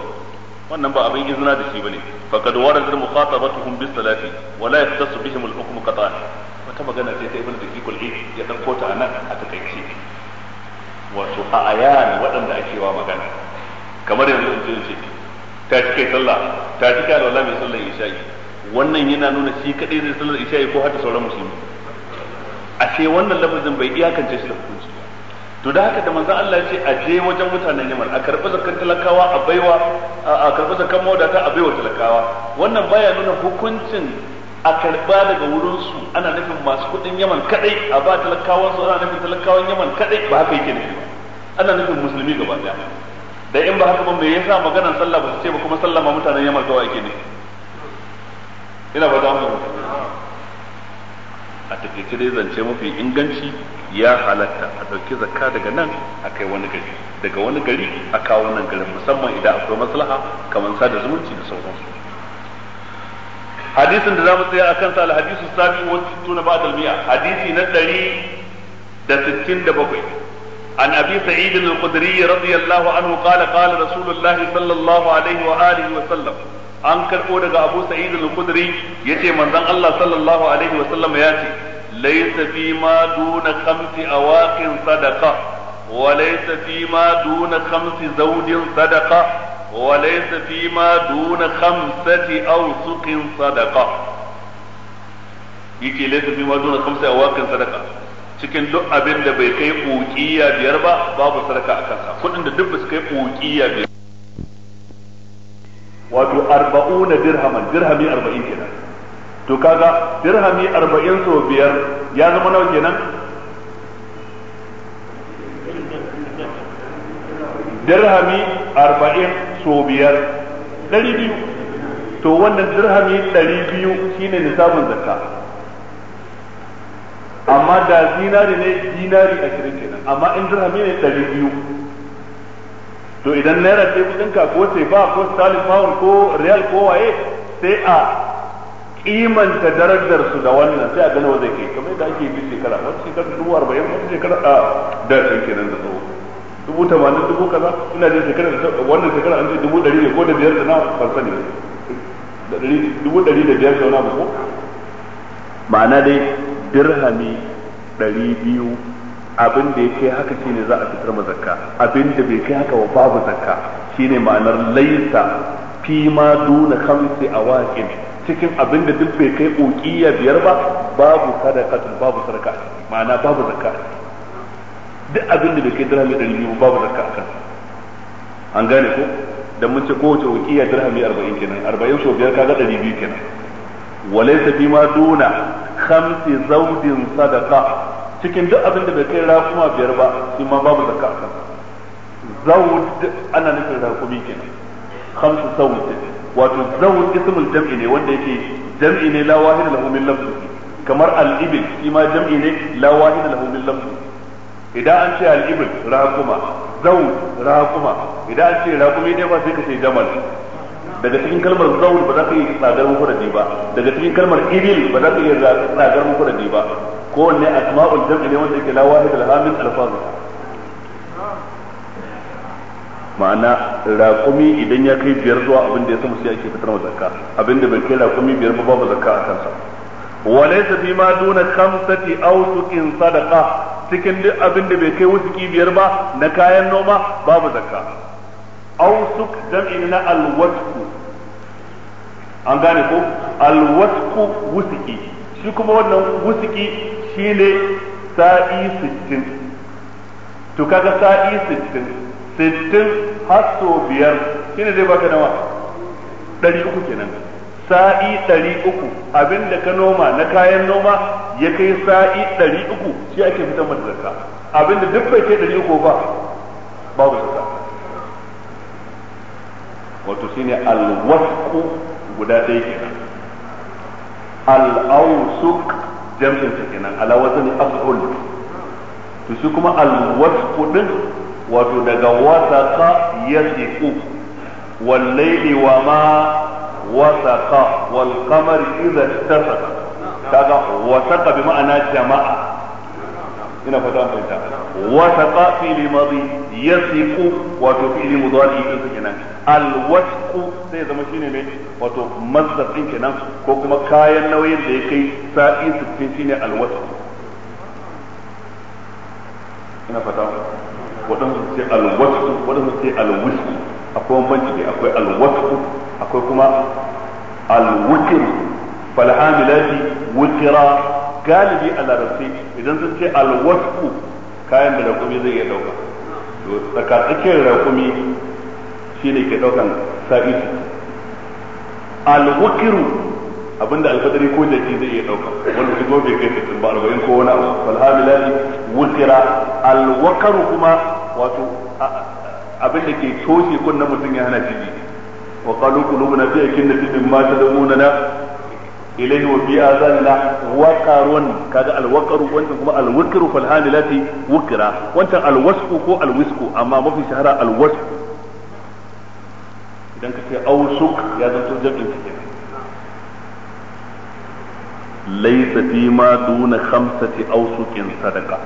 wannan ba abin izina da shi bane faqad warada mukhatabatuhum bis salati wa la yahtassu bihim al-hukm qat'an wata magana sai ta ibnu dakiqul ya dan kota nan a takaice wato a ayan waɗanda ake wa magana kamar yanzu in ce ta cike sallah ta cike kai alwala mai sallar isha'i wannan yana nuna shi kadai zai sallar isha'i ko har da sauran musulmi ce wannan lafazin bai iyakance shi da hukunci to da haka da manzo Allah ya ce a je wajen mutanen Yaman a karɓi zakkan talakawa a baiwa a karɓi zakkan mawadata a baiwa talakawa wannan baya nuna hukuncin a karɓa daga wurinsu ana nufin masu kuɗin yaman kaɗai a ba su ana nufin talakawan yaman kaɗai ba haka yake nufi ba ana nufin musulmi gaba daya da in ba haka ba me yasa maganar sallah ba su ce ba kuma sallah ma mutanen yaman gawa yake nufi ina ba za ba. a takaice dai zance mafi inganci ya halatta a ɗauki zakka daga nan a kai wani gari daga wani gari a kawo nan garin musamman idan akwai maslaha kamar sada zumunci da sauransu hadisin da za mu tsaya akan sa al-hadisu sabi wa tuna ba'd al-mi'a hadisi na 167 عن ابي سعيد الخدري رضي الله عنه قال قال رسول الله صلى الله عليه wa sallam, an karbo daga abu sa'id al-khudri yace manzon Allah sallallahu alaihi wa sallam ya ce laysa fi ma duna khamsi awaqin sadaqa wa laysa fi ma duna khamsi zawjin sadaqa وليس فيما دون خمسة أوسق صدقة يكي ليس fi ma خمسة kamsa awakin sadaka cikin duk abin da bai kai kokiya biyar ba babu sadaka a kansa kudin da duk basu su kai kokiya biyar wato na dirhaman dirhami arba'in kenan to kaga dirhami arba'in so biyar ya zama nawa kenan dirhami arba'in so biyar ɗari biyu to wannan dirhami ɗari biyu shine nisabin zakka amma da zinari ne zinari ashirin kenan amma in dirhami ne ɗari biyu to idan naira ce kudin ka ko ce ba ko stalin pound ko real ko waye sai a kimanta darajar su da wannan sai a gano wanda ke kamar yadda ake bi shekara wata shekara dubu arba'in wata shekara a da kenan da tsawo dubu tamanin dubu kaza ina jin shekara wannan shekara an ce dubu ɗari ne ko da biyar da na ban sani da dubu ɗari da biyar da na abu ko ma'ana dai dirhami ɗari biyu abin da ya kai haka shine za a fitar mazakka abin da bai kai haka wa babu zakka shine ma'anar laisa fi ma duna kamsi a waƙin cikin abin da duk bai kai ƙoƙiya biyar ba babu sadaka babu sarka ma'ana babu zakka duk abin da bai kai dirhami ɗari biyu babu zakka a kansa an gane ko da mun ce kowace ukiya dirhami arba'in kenan arba'in so biyar kaga ɗari biyu kenan walaysa fi ma duna khamsi zawdin sadaka cikin duk abin da bai kai rakuma biyar ba shi ma babu zakka a kansa zawd ana nufin rakumi kenan khamsu zawd wato zawd ismul jam'i ne wanda yake jam'i ne la wahida lahu min lafzi kamar al-ibil shi ma jam'i ne la wahida lahu min lafzi idan an ce al'ibil raƙuma zau raƙuma idan an ce raƙumi ne ba sai ka ce jamal daga cikin kalmar zau ba za ka yi tsadar da ba daga cikin kalmar ibil ba za ka yi tsadar da ba kowanne asma'ul jam'i ne wanda yake lawa wahid da hamil alfazu ma'ana raƙumi idan ya kai biyar zuwa abin da ya samu sai ake fitar wa zakka abin da bai kai raƙumi biyar ba babu zakka a kansa walaysa fi ma duna khamsati awsuqin sadaqa cikin duk abin da bai kai wusuki biyar ba na kayan noma babu zakka awsuq jam'in na alwasku an gane ko alwasku wusuki shi kuma wannan wusuki shine sa'i 60 to kaga sa'i 60 Sittin, hasso, so biyar shine zai baka nawa 300 kenan sa'i ɗari uku abin da ka noma na kayan noma ya kai sa'i ɗari uku shi ake fitar mata zakka abin da duk bai kai ɗari uku ba babu zakka wato shi ne alwasku guda ɗaya kenan al'ausuk jamshin ta kenan ala ne af'ul to shi kuma alwasku ɗin wato daga wasa ka wasaka yasiqu wallaili wa ma wasaqa wal qamar idza istasaqa kaga wasaqa bi ma'ana jama'a ina fata an fahimta wasaqa fi limadi yasiqu wato fi limudari din kenan al wasqu sai zama shine ne wato masdar kenan ko kuma kayan nauyin da ya kai sa'i 60 ina akwai manci ne akwai alwatku akwai kuma alwutir falhamilati wutira galibi a larabci idan sun ce alwatku kayan da rakumi zai iya dauka to rakumi shine ke daukan abinda alfadari ko jaki zai iya dauka wanda gobe kai ko wani abu falhamilati wutira alwakaru kuma wato abin da ke toshe kunnan mutum ya hana shi wa qalu qulubuna fi akinnati mimma tad'unana ilayhi wa fi azanina waqarun kaga alwaqaru wannan kuma alwikru fal hamilati wukra wannan alwasqu ko alwisqu amma mafi shahara alwasqu idan ka ce awsuk ya zanto jabin ta laysa fi ma duna khamsati awsukin sadaqa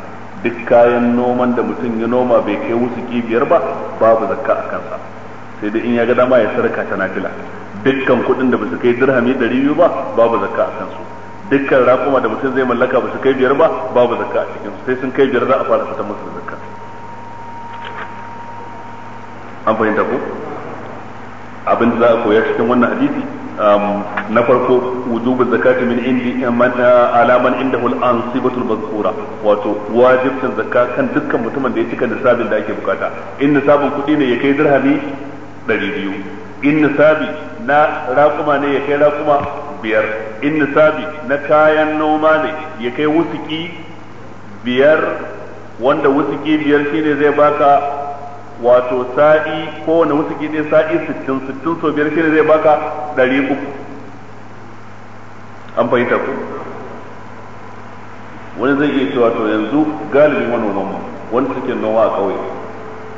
duk kayan noman da mutum ya noma bai kai wasu kibiyar ba babu zakka a kansa sai dai in ya ga dama ya sarka ta nafila dukkan kuɗin da ba su kai dirhami ɗari biyu ba babu zakka a kansu dukkan raƙuma da mutum zai mallaka ba su kai biyar ba babu zakka a cikin sai sun kai biyar za a fara fitar musu zakka an fahimta ko abin da za a koya cikin wannan hadisi um, na farko wujubu zakati min indi eh, eh, alaman inda al-ansibatu al mazkura wato wajibin zakka kan dukkan mutumin da ya cika nisabin da ake bukata in nisabin kudi ne ya kai dirhami ɗari in nisabi na raƙuma ne ya kai raƙuma biyar in nisabi na kayan noma ne ya kai wusuki biyar wanda wusuki biyar shine zai baka wato sa'i kowane wasu ɗaya sa'i sittin sittin so biyar shine zai baka ɗari uku an fahimta ku wani zai iya cewa to yanzu galibi manomanmu wanda suke noma a ƙauye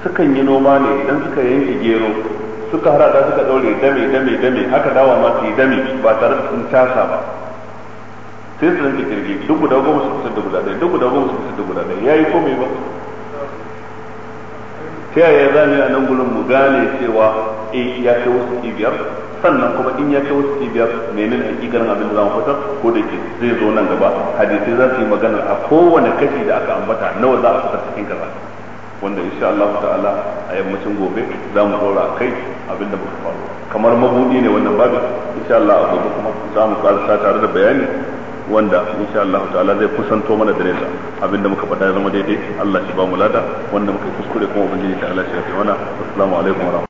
sukan yi noma ne idan suka yanke gero suka harada suka ɗaure dame dame dame haka dawa ma su yi dame ba tare da sun tasa ba sai su rinke jirgi duk guda goma su fitar da guda ɗaya duk guda goma su fitar da guda ɗaya ya yi komai ba ta yaya za mu yi a nan gurin mu gane cewa a eh, ya kai wasu cibiyar sannan kuma in ya kai wasu cibiyar menene hakikanin abin da za mu fitar ko da ke zai zo nan gaba hadisai za su yi magana a kowane kashi da aka ambata nawa za a fitar cikin kaza wanda insha Allah ta'ala a yammacin gobe za mu dora kai abin da muka faru kamar mabudi ne wannan babu insha Allah a gobe kuma za mu sa tare da bayani wanda insha Allah ta'ala zai kusanto mana da nesa abinda muka faɗa ya zama daidai Allah shi ba mu lada wanda muka kuskure kuma ubangiji ta Allah shi ya kai mana assalamu alaikum wa